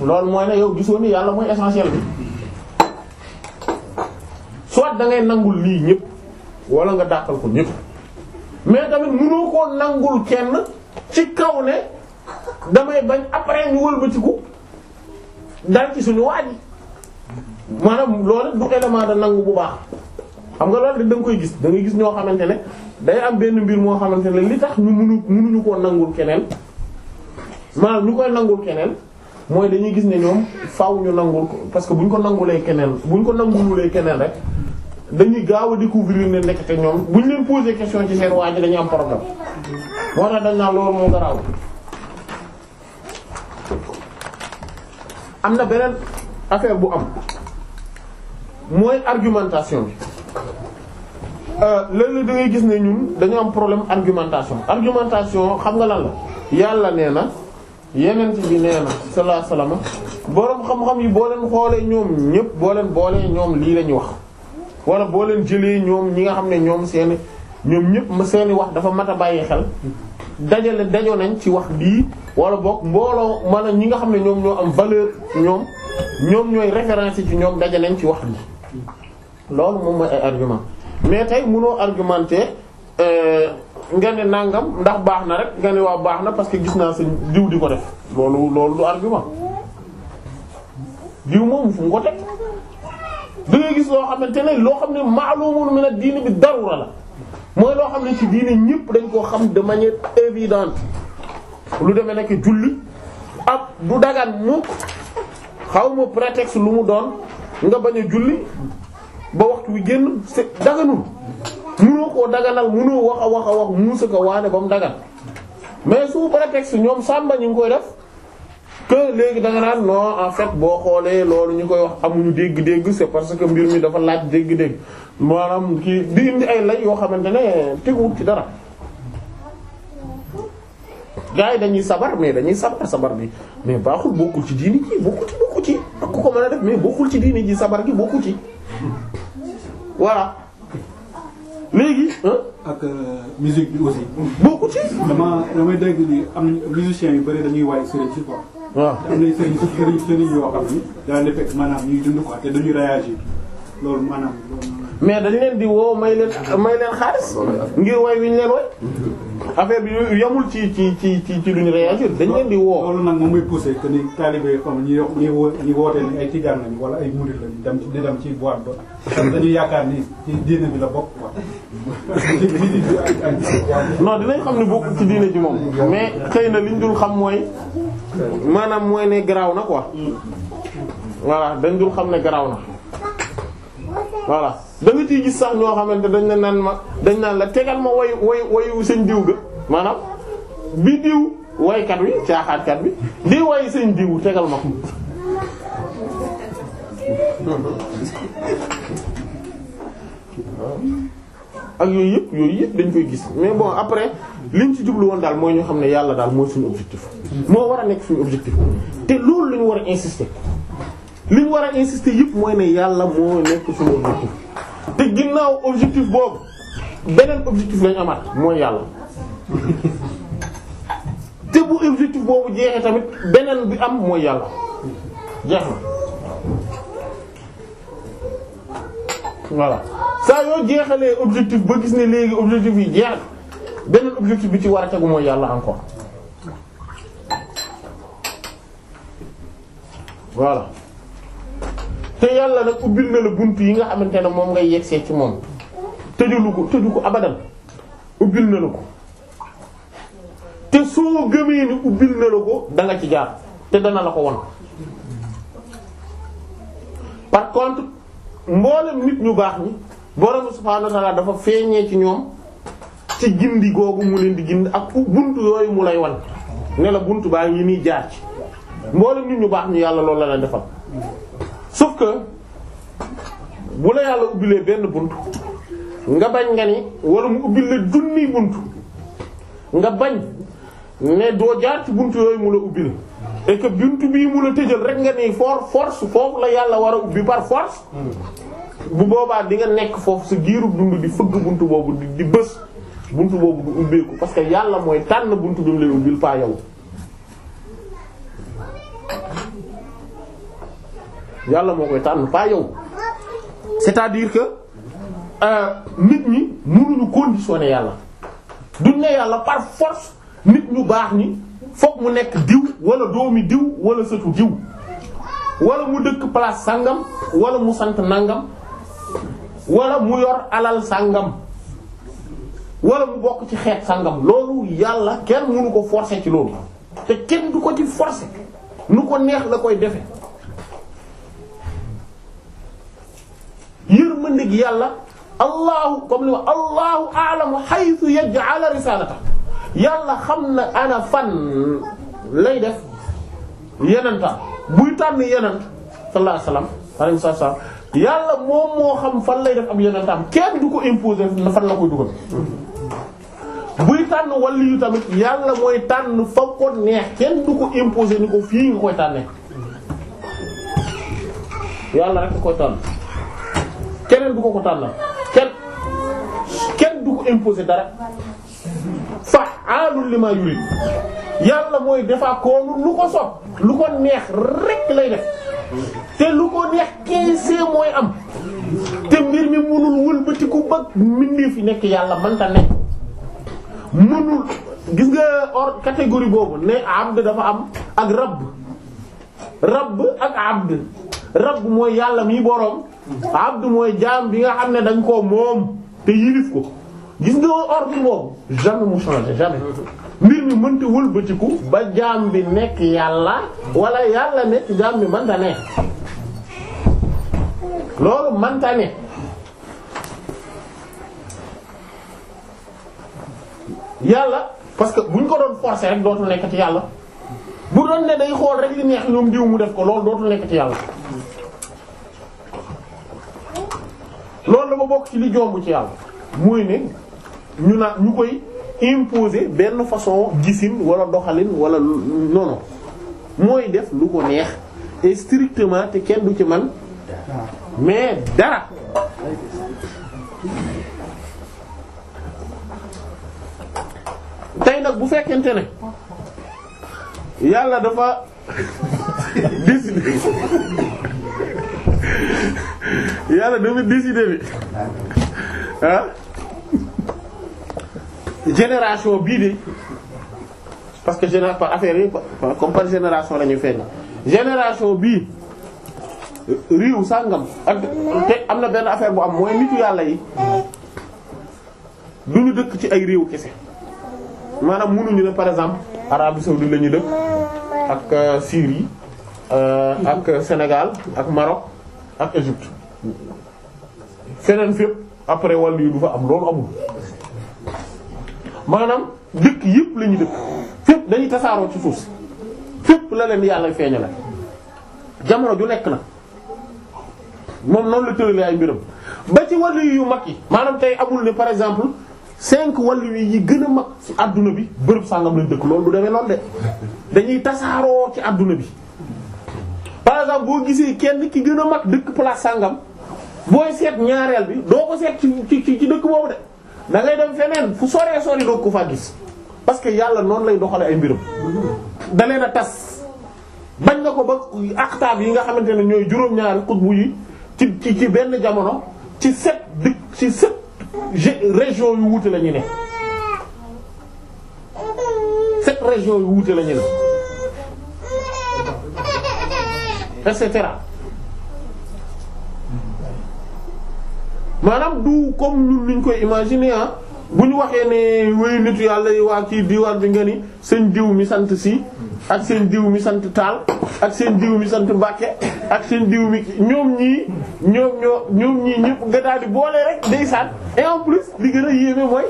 bi loolu mooy ne yow gisoo ni yàlla mooy essentiel bi soit da nangul lii ñëpp wala nga dàqal ko ñëpp. mais tamit mënoo koo nangul kenn ci kaw ne damay bañ après ñu wëlbatiku dal ci suñu waaj maanaam loolu du élément nangu bu baax xam nga loolu da koy gis da ngay gis ñoo xamante ne day am benn mbir moo xamante ne li tax ñu mënu mënuñu koo nangul keneen maanaam ñu koy nangul keneen mooy dañuy gis ne ñoom faaw ñu nangul ko parce que bu ñu ko nangulee keneen bu ñu ko nangululee keneen rek dañuy gaaw a découvrir ne te ñoom bu ñu leen poser question ci seen waa ji dañuy am problème moo tax dañ naan loolu moo garaaw am na beneen affaire bu am mooy argumentation bi euh, léeg-léeg da gis ne ñun dañu am problème argumentation argumentation xam nga lan la yàlla nee na yeneen bi nee na sallallahu alayhi wasallam boroom xam-xam yi boo leen xoolee ñoom ñépp boo leen boolee ñoom lii lañu wax wala boo leen jëlee ñoom ñi nga xam ne ñoom seeni ñoom ñëpp ma seeni wax dafa mat a bàyyi xel dajale dajoo nañ ci wax bii wala boog mbooloo maanaam ñi nga xam ne ñoom ñoo am valeur ñoom ñoom ñooy référence ci ñoom daja nañ ci wax bi loolu moom mooy ay argument mais tey munoo argumenter euh, nga ne nangam ndax baax na rek nga ne waa baax na parce que gis naa sa diw di ko def loolu loolu du argument diw moom fu ko teg da gis loo xam ne loo xam ne ma'lumun min ad-din bi darura la mooy loo xam ne ci diine ñëpp dañ koo xam de manière évidente lu demee nekk julli ab du dagan mukk xawma ma prétexte lu mu doon nga bañ a julli ba waxtu wi génn c'est daganul mënoo koo daganal mënoo wax a wax a wax muusa ko waane ba mu dagan mais sous prétexte ñoom sàmba ñu ngi koy def que léegi da nga naan non en fait boo xoolee loolu ñu koy wax amuñu dégg-dégg c'est parce que mbir mi dafa laaj dégg-dégg maanaam kii di indi ay lay yoo xamante ne teguwul ci dara. gaa yi dañuy sabar mais dañuy sabar sabar bi mais baaxul bokkul ci diini ji bokkul ci bokkul ci ak ko mën a def mais bokkul ci diini ji sabar gi bokkul ci voilà léegi. ak euh, musique bi aussi. bokku ci. dama damay dégg ni am musiciens yu bari dañuy waay sëriñ si ko waaw te am nañu sëriñ sëriñ sëriñ yoo xam ni. daanaka fekk maanaam ñuy dund quoi te dañuy réagir loolu maanaam. mais dañ leen di woo may leen may leen xaalis ngir way wiñ leen way affaire bi yamul ci ci ci ci ci luñu réagir dañ leen di woo. loolu nag moom muy poussé que ni talibé xam ñi ñi ñi ni ay tijaan lañu wala ay murid lañu dem di dem ci boîte ba. dañu yaakaar ni ci bi la bokk quoi. non dinañ xam ne bokk ci diine ji moom mais xëy na li liñ dul xam mooy maanaam mooy ne garaaw na quoi. voilà dañ dul xam ne garaaw na. voilà da nga ciy gis sax ñoo xamante dañ la naan ma dañ naan la tegal ma woy way wayu seen diw ga maanaam bi diw waykat wi caaxaatkat bi di woy seen diw tegal ma ak yooyu yëpp yooyu yëpp dañ koy gis mais bon après liñ ci jublu woon daal mooy ñoo xam ne yàlla daal mooy suñu objectif moo war a nekk suñu objectif te loolu lañu war a insister liñ war a insister yëpp mooy ne yàlla moo nekk suñu objectif te ginnaaw objectif boobu beneen objectif lañ amaat mooy yàlla te bu objectif boobu jeexee tamit beneen bi am mooy yàlla jeex na voilà saa yoo jeexalee objectif ba gis ne léegi objectif yi jeex beneen objectif bi ci war a tegu mooy yàlla encore voilà te yàlla nag ubbil na la bunt yi nga xamante ne moom ngay yegsee ci moom tëjulu ko tëju ko abadan ubbil na la ko te soo gëmee ni ubbil na la ko da ci jaar te dana la ko won par contre mboolem nit ñu baax ni borom subhaanahu wa dafa feeñee ci ñoom ci gindi googu mu leen di gind ak bunt yooyu mu lay wan ne la bunt baa ngi nii jaar ci mboolem nit ñu baax ni yàlla loolu la la defal sauf que bu la yàlla ubbilee benn bunt nga bañ nga ni wala mu ubbil la junniy bunt nga bañ ne doo jaar ci bunt yooyu mu la ubbil et que bunt bii mu la tëjal rek nga ni for force foofu la yàlla war a ubbi par force bu boobaa di nga nekk foofu sa giiru dund di fëgg bunt boobu di bës bunt boobu du ubbeeku parce que yàlla mooy tànn bunt bi mu lay ubbil pas yow yàlla moo koy tànn pas yow c'est-à-dire que euh, nit ñi mënuñu conditionner yàlla du ne yàlla par force nit ñu baax ñi fokk mu nekk diw wala doomi diw wala sëtu diw wala mu dëkk place sàngam walla mu sant nangam wala mu yor alal sàngam wala mu bokk ci xeet sàngam loolu yàlla kenn mënu ko forcer ci loolu te kenn du ko ci forcer nu ko neex la koy defe yërmandeeg yàlla allahu comme li ma allahu alamu haythu yaj'ala risalata yàlla xam na ana fan lay def yenanta buy tànn yenant sallallahu alayhi wasallam alayhi wasallam yàlla moom moo xam fan lay def am yenantaam kenn du ko imposer fan la koy dugal buy tànn wàllu yu tamit yàlla mooy tànn fa ko neex kenn du ko imposer ni ko fii nga koy tànnee yàlla rek ko koy tànn keneen du ko ko tànnal kenn kenn du ko imposer dara fa'aalun limaa yurid yàlla mooy defaa koonu lu ko sopp lu ko neex rek lay def te lu ko neex keese mooy am te mbir mi mënul wëlbatiku ba mbindee fi nekk yàlla mënta nekk mënul gis nga or catégorie boobu ne abd dafa am ak rabb rabb ak abd rabbu mooy yàlla mi boroom abdu mooy jaam bi nga xam ne dañ koo moom te yilif ko gis nga ordre boobu jamais mu changer jamais mbir mi mënta wëlbatiku ba jaam bi nekk yàlla wala yàlla nekk jaam bi mënta ne loolu mënta ne yàlla parce que bu buñ ko doon forcer rek dootul nekkati yàlla bu doon ne day xool rek li neex ñoom diw mu def ko loolu dootul nekkati yàlla loolu la dama bokk ci li jomb ci yàlla mooy ne ñu na ñu koy imposer benn façon gisin wala doxalin wala nono mooy def lu ko neex et strictement te kenn du ci man mais dara tey nag bu fekkente ne yàlla dafa décider yàlla dafa décider bi ah génération bii de parce que génération par affaire yi comme par génération la ñuy feeñ génération bii riiw sàngam ak te am na benn affaire bu am mooy nitu yàlla yi du ñu dëkk ci ay riiw kese maanaam mënuñu ne par exemple Arabie saoudite la ñuy dëkk ak euh, Syrie euh, ak Sénégal ak Maroc ak Égypte feneen fépp après wàllu yi du fa am loolu amul maanaam dëkk yëpp la ñu dëkk fépp dañuy tasaaroo ci suuf si fépp la leen yàlla feeñale jamono ju nekk na moom noonu la tëralee ay mbiram ba ci wàllu yu mag yi maanaam tey amul ne par exemple cinq wàllu yi gën a mag ci àdduna bi bërëb sàngam lañ dëkk lool du deme noonu de dañuy tasaaroo ci àdduna bi par exemple boo gisee kenn ki gën a mag dëkk place sàngam booy seet ñaareel bi doo ko seet ci ci ci dëkk boobu de da ngay dem feneen fu soree sori doog ko faa gis parce que yàlla noonu lay doxale ay mbiram. da leen tas bañ nga ko ba aktaab yi nga xamante ne ñooy juróom-ñaari xutbu yi ci ci ci benn jamono ci sept dëkk ci sept région yu wuute la ñu ne. sept région yu wuute la ñu ne et cetera. maanaam du comme ñun liñ koy imaginer ah bu ñu waxee ne wéy nitu yàlla yi waa kii diwaan bi nga ni seen diw mi sant si ak seen diw mi sant taal ak seen diw mi sant mbàkke ak seen diw mi ñoom ñii ñoom ñoo ñoom ñii ñëpp nga daal di boole rek day sant et en plus li gën a yéeme mooy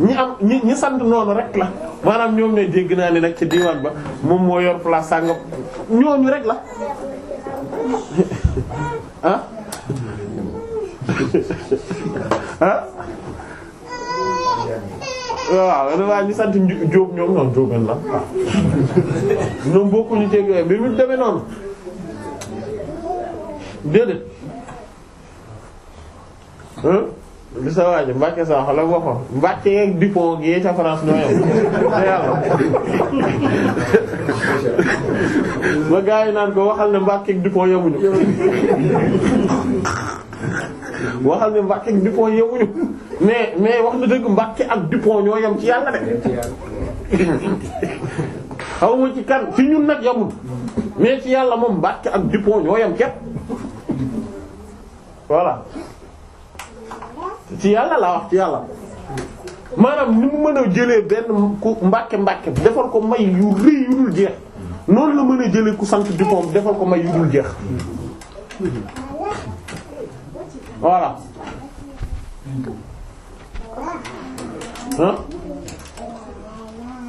ñi am ñi ñi sant noonu rek la maanaam ñoom ne dégg naa ne nag ca diwaan ba moom moo yor place sàngam ñooñu rek la ah? Ah. ah waaw dafa ñu sant Diop ñoom ñoom Diop la waaw ñoom bokkuñu ceeb yooyu bi mu demee noonu déedéet. li sa waaj Mbacke Sakho la waxoon Mbacke yeeg Dupont gi ca France ñoo yem te yàlla ba gars yi naan ko waxal ne Mbacke ak Dupont yemuñu. waxal ne Mbàkke ak Dupont yemuñu mais mais wax na dëgg Mbàkke ak Dupont ñoo yem ci yàlla de xaw ma ci kan ci ñun nag yamul mais ci yàlla moom Mbàkke ak Dupont ñoo yem képp voilà ci yàlla laa wax ci yàlla maanaam ni mu mën a jëlee benn ku Mbàkke Mbàkke defal ko may yu rëy yu dul jeex noonu la mën a jëlee ku sant Dupont defal ko may yu dul jeex waaw ah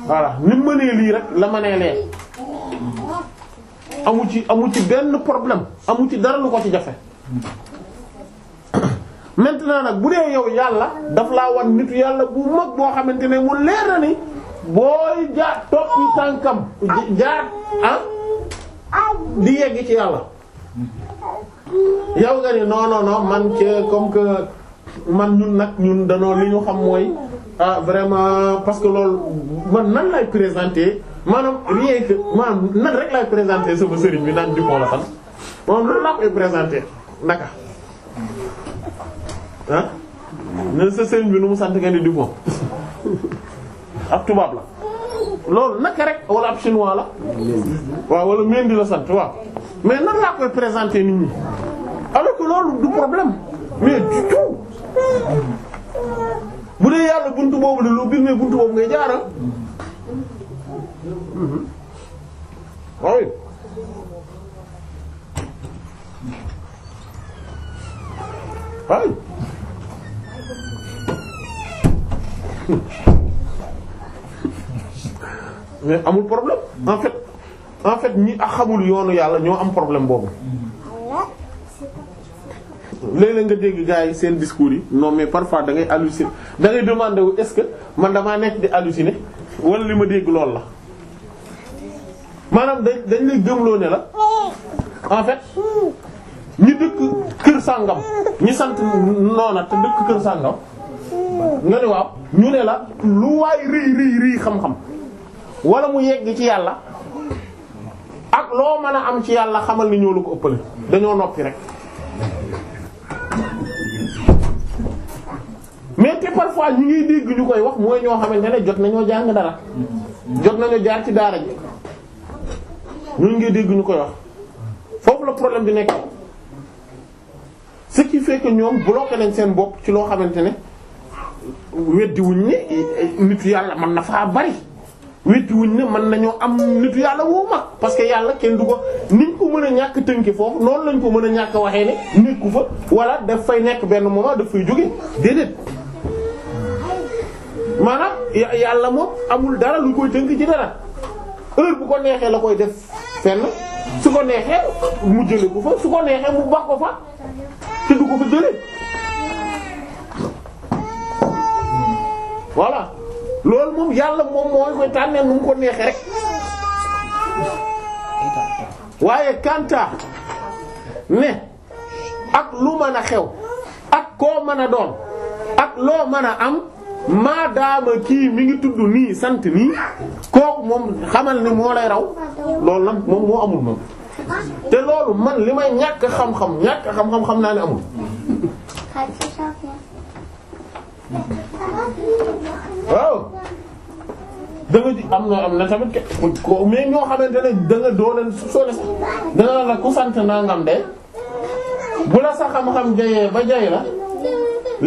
voilà ni mu mënee lii rek la mënee lee amu ci amu ci benn problème amu ci dara lu ko ci jafe maintenant nag bu dee yow yàlla daf laa wan nitu yàlla bu mag boo xamante ne mu leer na ni booy jaar toppi tànkam jaar ah di yegg ci yàlla yow nga ni non non non man ke comme que man ñun nag ñun danoo li ñu xam mooy ah vraiment parce que loolu man nan lay présenter maanaam rien que maanaam nan rek lay présenter sama sëriñ bi naan Dupont la fan moom nan laa koy présenter naka ah nan sa sëriñ bi nu mu sant nga ni Dupont ab tubaab la loolu naka rek wala ab chinois la waaw wala mendi la sant waaw mais nan laa koy présenter nit ñi alors que loolu du problème mais du tout bu dee yàlla buntu boobu la loo biir mais buntu boobu ngay jaaral waaw mais amul problème en fait en fait ñi a xamul yoonu yàlla ñoo am problème boobu léeg-léeg nga dégg gars yi seen discours yi non mais parfois da ngay halluciner da ngay wu est-ce que man damaa nekk di halluciner wala li ma dégg loolu la maanaam dañ dañ lay gëmloo ne la en fait ñi dëkk kër sàngam ñi sant noona te dëkk kër sàngam nga ne waaw ñu ne la lu waay rëy rëy rëy xam-xam wala mu yegg ci yàlla ak loo mën a am ci yàlla xamal ni ñoo la ko ëppale dañoo noppi rek mais te parfois ñi ngi dégg ñu koy wax mooy ñoo xamante ne jot nañoo jàng dara jot nañoo jaar ci daara ji ñun ngi dégg ñu koy wax foofu la problème bi nekk ce qui fait que ñoom bloqué nañ seen bopp ci loo xamante ne weddi wuñ ni nit yàlla mën na faa bari wécc wuñ ne mën nañoo am nitu yàlla woo mag parce que yàlla kenn du ko niñ ko mën a ñàkk tënke foofu noonu lañ ko mën a ñàkk waxee ne nekku fa wala daf fay nekk benn moment daf fay jóge déedéet maanaam yàlla moom amul dara lu koy tënk ci dara heure bu ko neexee la koy def fenn su ko neexee mu jële ko fa su ko neexee mu bax ko fa te du ko fa jële voilà loolu moom yàlla moom mooy koy tànnee ko neexee rek waaye kanta ne ak lu mën a xew ak koo mën a doon ak loo mën a am maadaama kii mi ngi tudd nii sant nii kooku moom xamal ni moo lay raw loolu nag moom moo amul moom te loolu man li may ñàkk xam-xam ñàkk xam-xam naa ne amul waaw da ji am na am na tamit ko mais ñoo xamante ne da nga doo leen soupçonné sax da nga la ku sant nangam de bu la sa xam-xam jayee ba jay la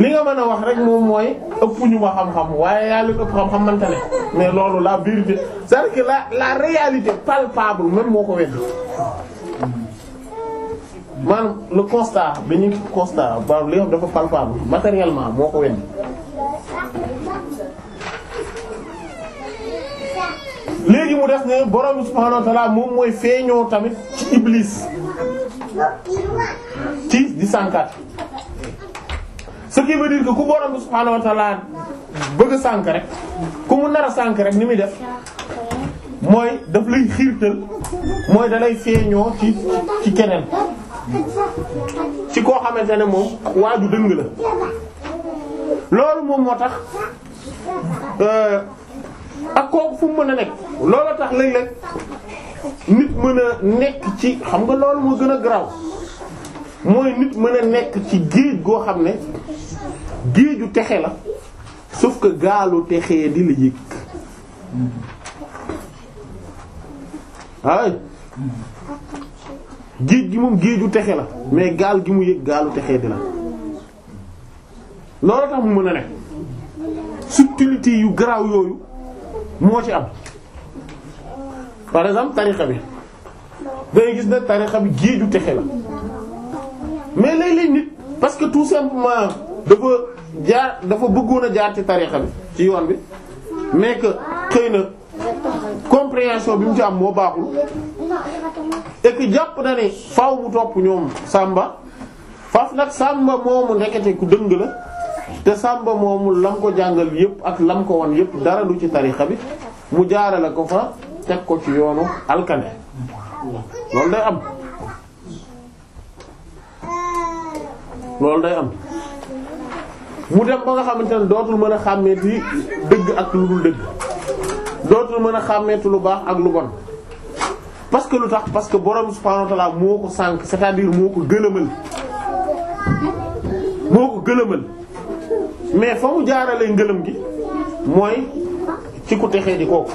li nga mën a wax rek moom mooy ëpp ñu ma xam-xam waaye yaa leen ëpp xam-xam mante ne mais loolu la vérité cest à la la réalité palpable même moo ko wedd maanaam le constat bi ñu constat ba li dafa palpable matériellement moo ko wedd léegi mu def ne borom subhaanahu wa moom mooy feeñoo tamit ci iblis ci di sankat ce qui veut dire que ku borom subhaanahu wa bëgg sànk rek ku mu nar a rek ni muy def mooy daf lay xiirtal mooy dalay feeñoo ci ci keneen ci koo xamante ne moom waaju dëng la loolu moom moo tax euh, ak kooku fu mu mën a nekk loolu tax léeg-léeg nit mën a nekk ci xam nga loolu moo gën a garaaw mooy nit mën a nekk ci géej goo xam ne géeju texe la sauf ko gaalu texee di la yëg ay géej gi moom géeju texe la mais gaal gi mu yëg gaalu texe di la loolu tax mu mën a ne subtilité yu garaaw yooyu moo ci am par exemple tarixa bi dangay gis ne tarixa bi géeju texe la mais léeg-léeg nit parce que tout simplement dafa jaar dafa bëggoon a jaar ci tarixa bi ci yoon bi mais que xëy na compréhension bi mu ci am moo baaxul et que jàpp na ne faaw mu topp ñoom Samba faaf nag Samba moomu ndekete ku dëng la. te sàmba moomul lam ko jàngal yépp ak lam ko won yépp dara lu ci tarixa bi mu jaare jaarale ko fa teg ko ci yoonu alkane loolu day am loolu day am mu dem ba nga xamante ne dootul mën a xàmmeeti dëgg ak lu dul dëgg dootul mën a xàmmeeti lu baax ak lu bon parce que lu tax parce que borom subhanahu wa ta'ala moo ko sànk cest à moo ko gëlëmal moo ko gëlëmal mais fa mu jaarale ngëlëm gi mooy ci ku texee di kooku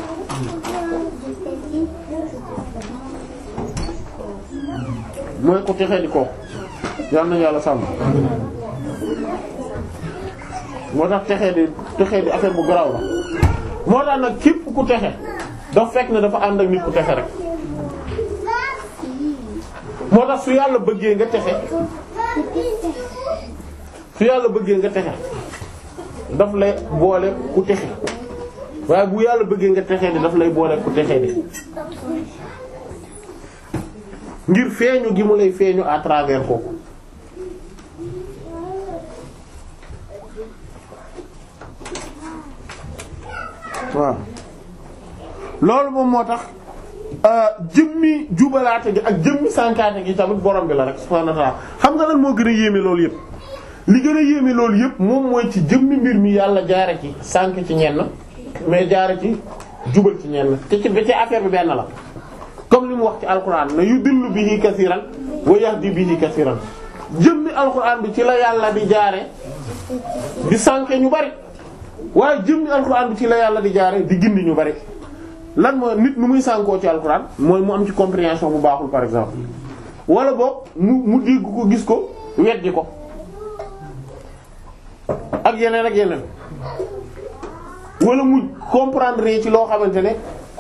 mooy ku texee di kooku yàlla sàmm moo tax texe di texee di affaire bu garaaw la moo tax nag képp ku texe dafa fekk ne dafa ànd ak nit ku texe rek moo tax su yàlla bëggee nga texe su yàlla bëggee nga texe daf lay boole ku texe waaye bu yàlla bëggee nga texe ni daf lay boole ku texee di ngir feeñu gi mu lay feeñu à travers kooku waaw loolu moom moo tax euh, jëmmi jubalaate gi ak jëmmi sànkaate gi tamit borom bi la rek subhaanahu wa ta'ala xam nga lan moo gën a yéeme loolu yëpp li gën a yéeme loolu yëpp moom mooy ci jëmmi mbir mi yàlla jaare ci sànk ci na mais jaare ci jubal ci ñenn te ci ci affaire bi benn la comme li mu wax ci alquran na yudillu bihi kasiran wa yahdi bihi kasiran jëmmi alquran bi ci la yàlla di jaare di sànke ñu bari waaye jëmmi alquran bi ci la yàlla di jaare di gindi ñu bari lan mooy nit nu muy sànkoo ci alquran mooy mu am ci compréhension bu baaxul par exemple wala boog mu mu dégg ko gis ko weddi ko ak yeneen ak yeneen wala mu comprendre ci loo xamante ne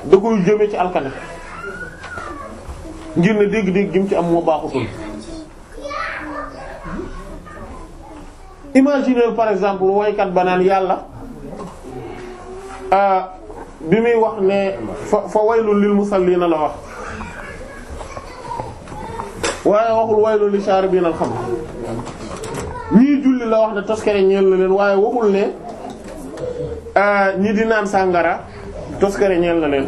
da koy jëme ci alkane ngir ne dégg-dégg gi ci am moo baaxutul imaginez par exemple woykat ba naan yàlla ah, bi muy wax ne fa fa waylul lil na la wax waaye waxul waylul li shaaribiinal xamr wii julli la wax ne toskare ñeel na leen waaye waxul ne euh, ñii di naan sàngara toskare ñeel na leen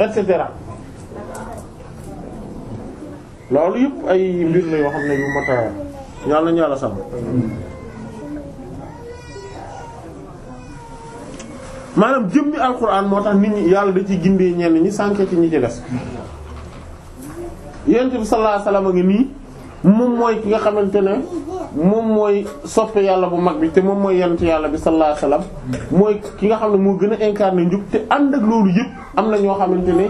et cetera loolu yëpp ay mbir la yoo xam ne yu mot a yàlla ñu yàlla sàmm maanaam jëmm jëmmi alquran moo tax nit ñi yàlla da ciy gindee ñenn ñi sànke ci ñi ci des yonent bi sallallahu a ngi nii moom mooy ki nga xamante ne moom mooy soppe yàlla bu mag bi te moom mooy yonent yàlla bi sallallahu alayhi mooy ki nga xam ne moo gën a incarné njub te ànd ak loolu yëpp am na ñoo xamante ne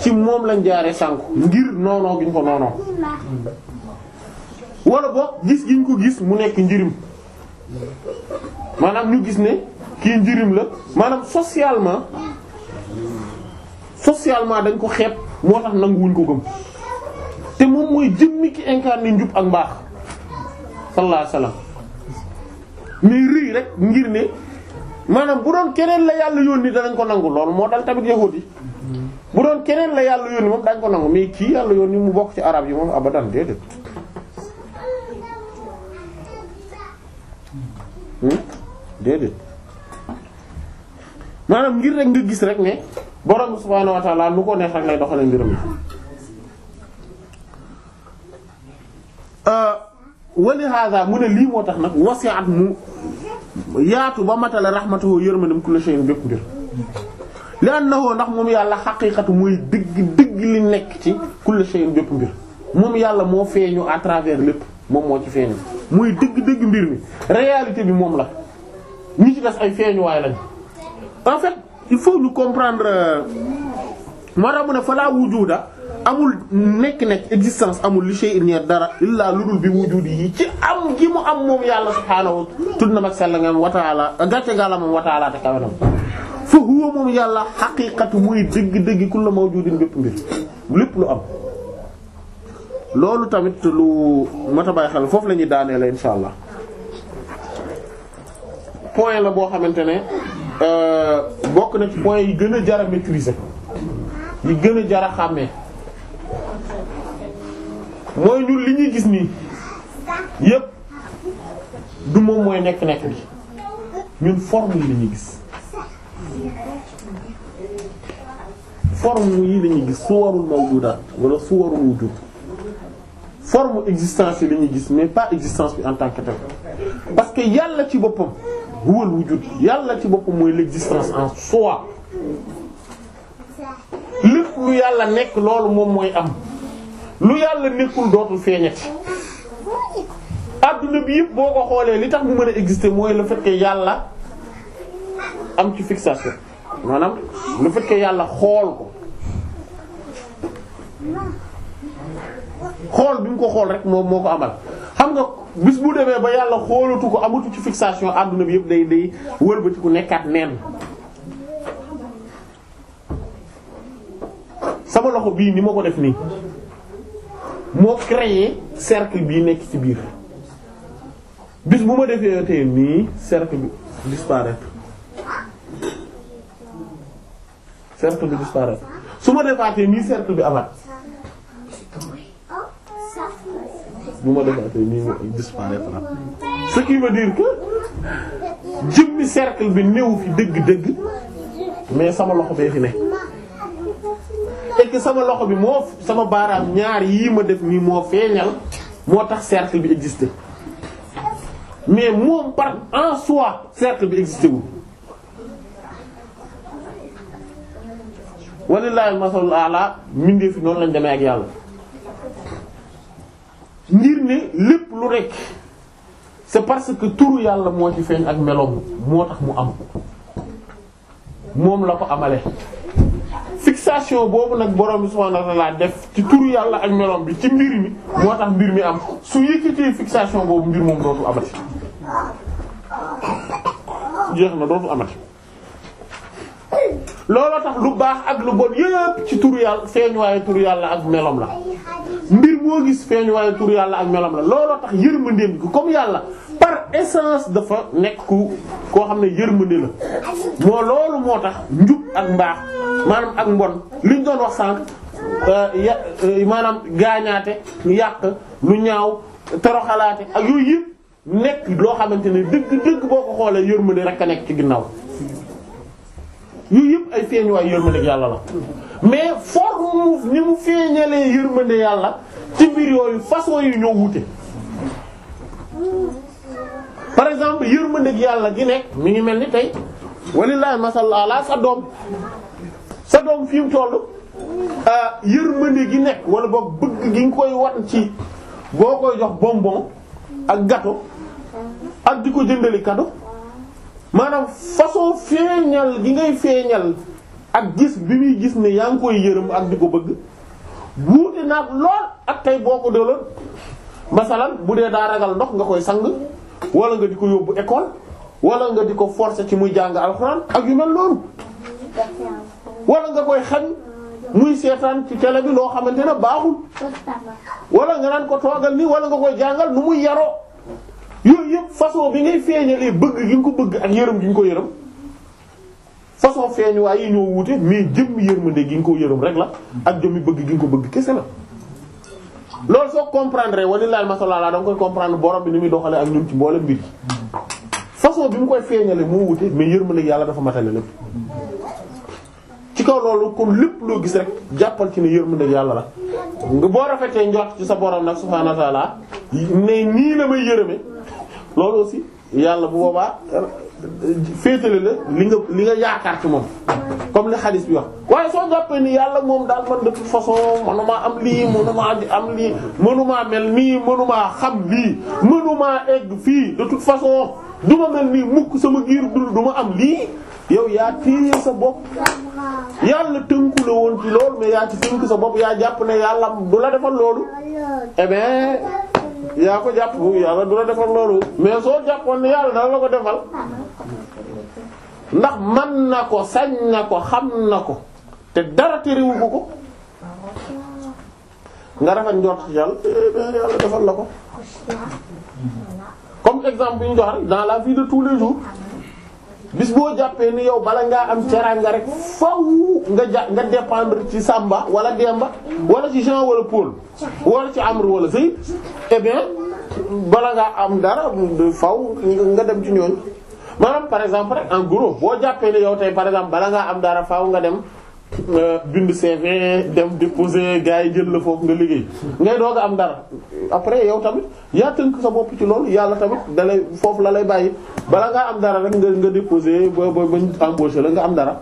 ci moom lañ jaaree sànku ngir noonoo giñ ko noonoo wala boog gis giñ ko gis mu nekk njirim maanaam ñu gis ne kii njirim la maanaam socialement socialement dañ ko xeeb moo tax wuñ ko gëm te moom mooy jëmmi ki incarné njub ak mbaax sallallahu alayhi wasallam mais rëy rek ngir ne maanaam bu doon keneen la yàlla yónni danañ ko nangu loolu moo dal tamit yahuud yi bu doon keneen la yàlla yónni moom dañ ko nangu mais kii yàlla yónni mu bokk ci arab yi moom abadan déedéet hmm? déedéet maanaam ngir rek nga gis rek ne borom subhaanahu wa ta'ala lu ko neex rek lay doxale mbiram euh, wali hada mu ne lii moo tax nag at mu yaatu ba matale rahmatuhu yërmanam kulli shay'in bépp mbir li annahu ndax moom yàlla xaqiiqatu muy dëgg dëgg li nekk ci kulli shay'in bépp mbir moom yàlla moo feeñu à travers lépp moom moo ci feeñu muy dëgg dëgg mbir mi réalité bi moom la ñi ci des ay feeñuwaay lañ en fait il faut ñu comprendre euh, moo tax mu ne fa laa wujuda amul nekk-nekk existence amul li shay'in ñeer dara illaa dul bi wujudi yi ci am gi mu am moom yàlla subhaanahu tudd na mag sell nga wa ta'ala gàcce gàlla moom wa ta'ala te kawenam fa huwa moom yàlla xaqiiqatu dëgg-dëgg la mawjudin bépp mbir lépp lu am loolu tamit lu mat a xel foofu la ñuy daanee la insha allah point la boo xamante ne Euh, bokk na ci point yi gën a jar a maîtriser yi gën a jar a xàmmee mooy ñun li ñuy gis nii yépp du moom mooy nekk-nekk bi ñun forme yi la ñuy gis forme yi la ñuy gis suwarul mawjudaat wala suwarul wujud forme existence yi la ñuy gis mais pas existence bi en tant que telle parce yàlla ci boppam huwal wujud yàlla ci boppam mooy l'existence en soi lépp lu yàlla nekk loolu moom mooy am lu yàlla nekkul dootul feeñati àdduna bi yëpp boo ko xoolee li tax mu man a exister mooy le fait que yàlla am ci fixation maanaam le fait yàlla xool ko xool bi ko xool rek moom moo ko amal xam nga bis bu demee ba yàlla xoolatu ko amatu ci fixation àdduna bi yëpp day day wëlbati ku nekkaat neen sama loxo bii ni ma ko def nii moo créé cercle bii nekk ci biir bis bu ma defee tey nii cercle bi disparaître cercle bi disparaître su ma defaatee nii cercle bi amaat bu ma defaatee nii ma disparaître la ce qui veut dire que jëmmi cercle bi néew fi dëgg-dëgg mais sama loxo bee fi ne et sama loxo bi moo sama baaraam ñaar yii ma def nii moo feeñal moo tax cercle bi existe mais moom par en soi cercle bi existe wul walilahi masalala mbindeef fi noonu lañ demee ak yàlla ngir ne lépp lu rekk c'est parce que turu yàlla moo ci feeñ ak meloom moo tax mu am moom la ko amale fixation boobu nag borom bi subhanahu wa ta'ala def ci turu yàlla ak meloom bi ci mbir mi moo tax mbir mi am su yëkkatee fixation boobu mbir moom dootu amati jeex na dootu amati looloo tax lu baax ak lu bon yépp ci tur yàlla feeñuwaayu tur yàlla ak melom la mbir moo gis feeñuwaayu tur yàlla ak melom la looloo tax yërmandeem ko comme yàlla par essence dafa nekk koo xam ne yërmande la moo loolu moo tax njub ak mbaax maanaam ak mbon liñ doon wax sànq euh, ya euh, maanaam gaañaate lu yàq lu ñaaw tero toroxalaate ak yooyu yëpp nekk loo xamante ne dëgg dëgg boo ko xoolee yërmande rek a nekk ci ginnaaw yooyu yëpp ay feeñuwaay yërmande yàlla la mais forme ni mu feeñalee yërmande yàlla ci mbir yooyu façon yu ñoo wute par exemple yërmande yàlla gi nekk mi ngi mel ni tey wallaahi masalaala sa sa doom fi mu toll ah, yërmande gi nekk wala boog bëgg gi nga koy wan ci boo koy jox bonbon ak gato ak di ko jëndali cadeau maanaam façon feeñal gi ngay feeñal ak gis bi muy gis ne yaa ngi koy yërëm ak di ko bëgg wuute naag lool ak tey boo ko delloo masalan bu dee daa ragal ndox nga koy sang wala nga di ko yóbbu école wala nga di ko forcer ci muy jàng alxuraan ak yu mel loolu wala nga koy xañ muy seetaan ci télé bi loo xamante ne baaxul wala nga naan ko toogal nii wala nga koy jàngal nu muy yaroo. yooyu yëpp façon bi ngay feeñalee bëgg gi nga ko bëgg ak yërëm gi nga ko yërëm façon feeñuwaay yi ñoo wuute mais jëmm yërmande gi nga ko yërëm rek la ak jëm jëmmi bëgg gi nga ko bëgg kese la. loolu soo comprendre wala laal masalala da nga koy comprendre borom bi ni muy doxalee ak ñun ci mboolem mbir yi façon bi mu koy feeñalee moo wute mais yërmande yàlla dafa matale lépp. ci kaw loolu kon lépp loo gis rek jàppal ci ne yërmande yàlla la nga boo rafetee njort ci sa borom nag subhaanahu loolu aussi yàlla bu boobaa féetale la li nga li nga yaakaar ci moom comme li xadis bi wax waaye soo jàppee ni yàlla moom daal man de toute façon mënumaa am lii mënumaa am lii mënuma mel nii mënumaa xam lii mënumaa egg fii de toute façon du mel nii mukk sama giir dul du ma am lii yow yaa téye sa bopp yàlla tënku la woon ci loolu mais yaa ci tënk sa bopp yaa jàpp ne yàlla du la defal loolu eh yaa ko jàpp yàlla du la defal loolu mais soo jàppoon ne yàlla dana la ko defal ndax man na ko sañ na ko xam na ko te dara terewu ko ko nga rafet njort yàlla eh, yàlla defal la ko comme exemple bi ñu jox dans la vie de tous les jours. bis boo jàppee ni yow bala ngaa am teraanga rek faw nga ja nga dépendre ci Samba wala Demba wala ci Jean wala Paul wala ci Amr wala Zayd eh bien bala ngaa am dara faw nga dem ci ñooñ maanaam par exemple rek en gros boo jàppee ni yow tey par exemple bala ngaa am dara faw nga dem. bind CV dem déposer gars yi jël la foofu nga liggéey ngay doog a am dara après yow tamit yaa tënk sa bopp ci loolu yàlla tamit dalay foofu la lay bàyyi bala ngaa am dara rek nga nga déposer ba ba bañ la nga am dara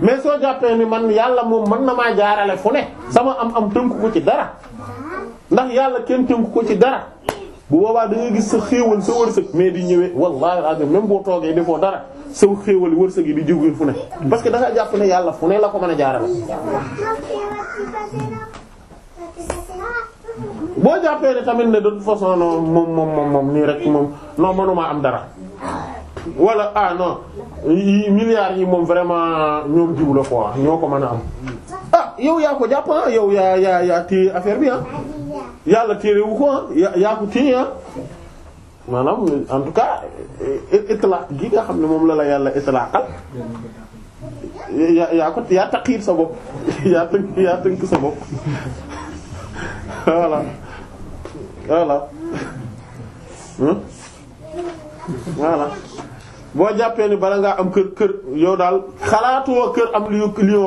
mais soo jàppee ni man yàlla moom mën na maa jaarale fu ne sama am am tënk ko ci dara ndax yàlla kenn tënk ko ci dara bu boobaa da ngay gis sa xéewal sa wërsëg mais di ñëwee wallaahi azim même boo toogee defoo dara sa xéewal wërsëg yi di jógee fu ne parce que da jàpp ne yàlla fu ne la ko mën a jaarale. boo jàppee ne tamit ne de toute façon non moom moom moom nii rek moom non mënuma am dara. wala ah non yi yi moom vraiment ñoom jiw la quoi ñoo ko mën a am ah yow yaa ko jàpp ah yow yaa yaa yaa bi ah yàlla téerewu ko ah yaa ko téye ah maanaam en tout cas itlaq gi nga xam ne moom la la yàlla itlaqal yaa yaa ko yaa sa bopp yaa tënk yaa tënk sa bopp voilà voilà hmm? voilà boo jàppee ni bala ngaa am kër kër yow daal xalaatuwoo kër am li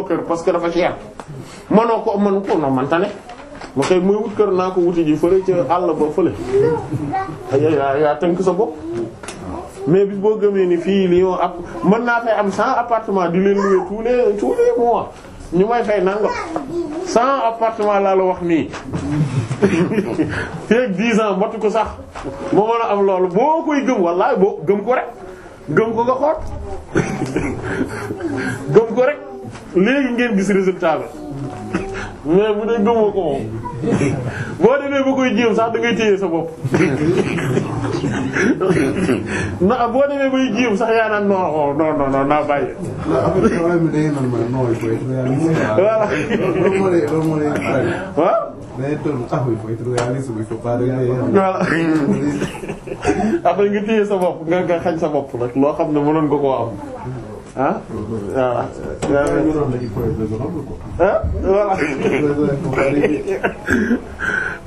kër parce que dafa cher mënoo ko mën ko no man tane ma xëy muy wut kër naa ko wuti ji fële ca àll ba fële yaa yaa tënk sa bopp mais boo gëmee ni fii Lyon ab mën naa fay am 100 appartement di leen louer tous les tous les ñu may fay nangam 100 appartement laa la wax nii feeg 10 ans matu ko sax moo mën a am loolu boo koy gëm wallaay boo gëm ko rek gëm ko nga xool gëm ko rek léegi ngeen gis résultat bi mais bu dee gëmoo ko moom boo demee ba koy jéem sax da ngay téye sa bopp na boo demee bay jiw sax yaa naan non non non non naa bàyyi. après nga téye sa bopp nga nga xañ sa bopp nag loo xam ne mënoon nga koo am. Ah. ah voilà.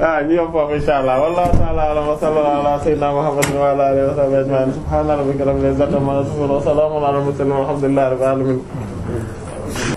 ah ñu yóbbu foofu incha allah wallaahu ta'ala a'lam wa sallallahu ala sayyidina muhammadin wa ala alihi wa sahbihi ajma'in subhana rabbika rabbil izzati amma yasifun wa salamun ala al mursalin walhamdulillahi rabbil alamin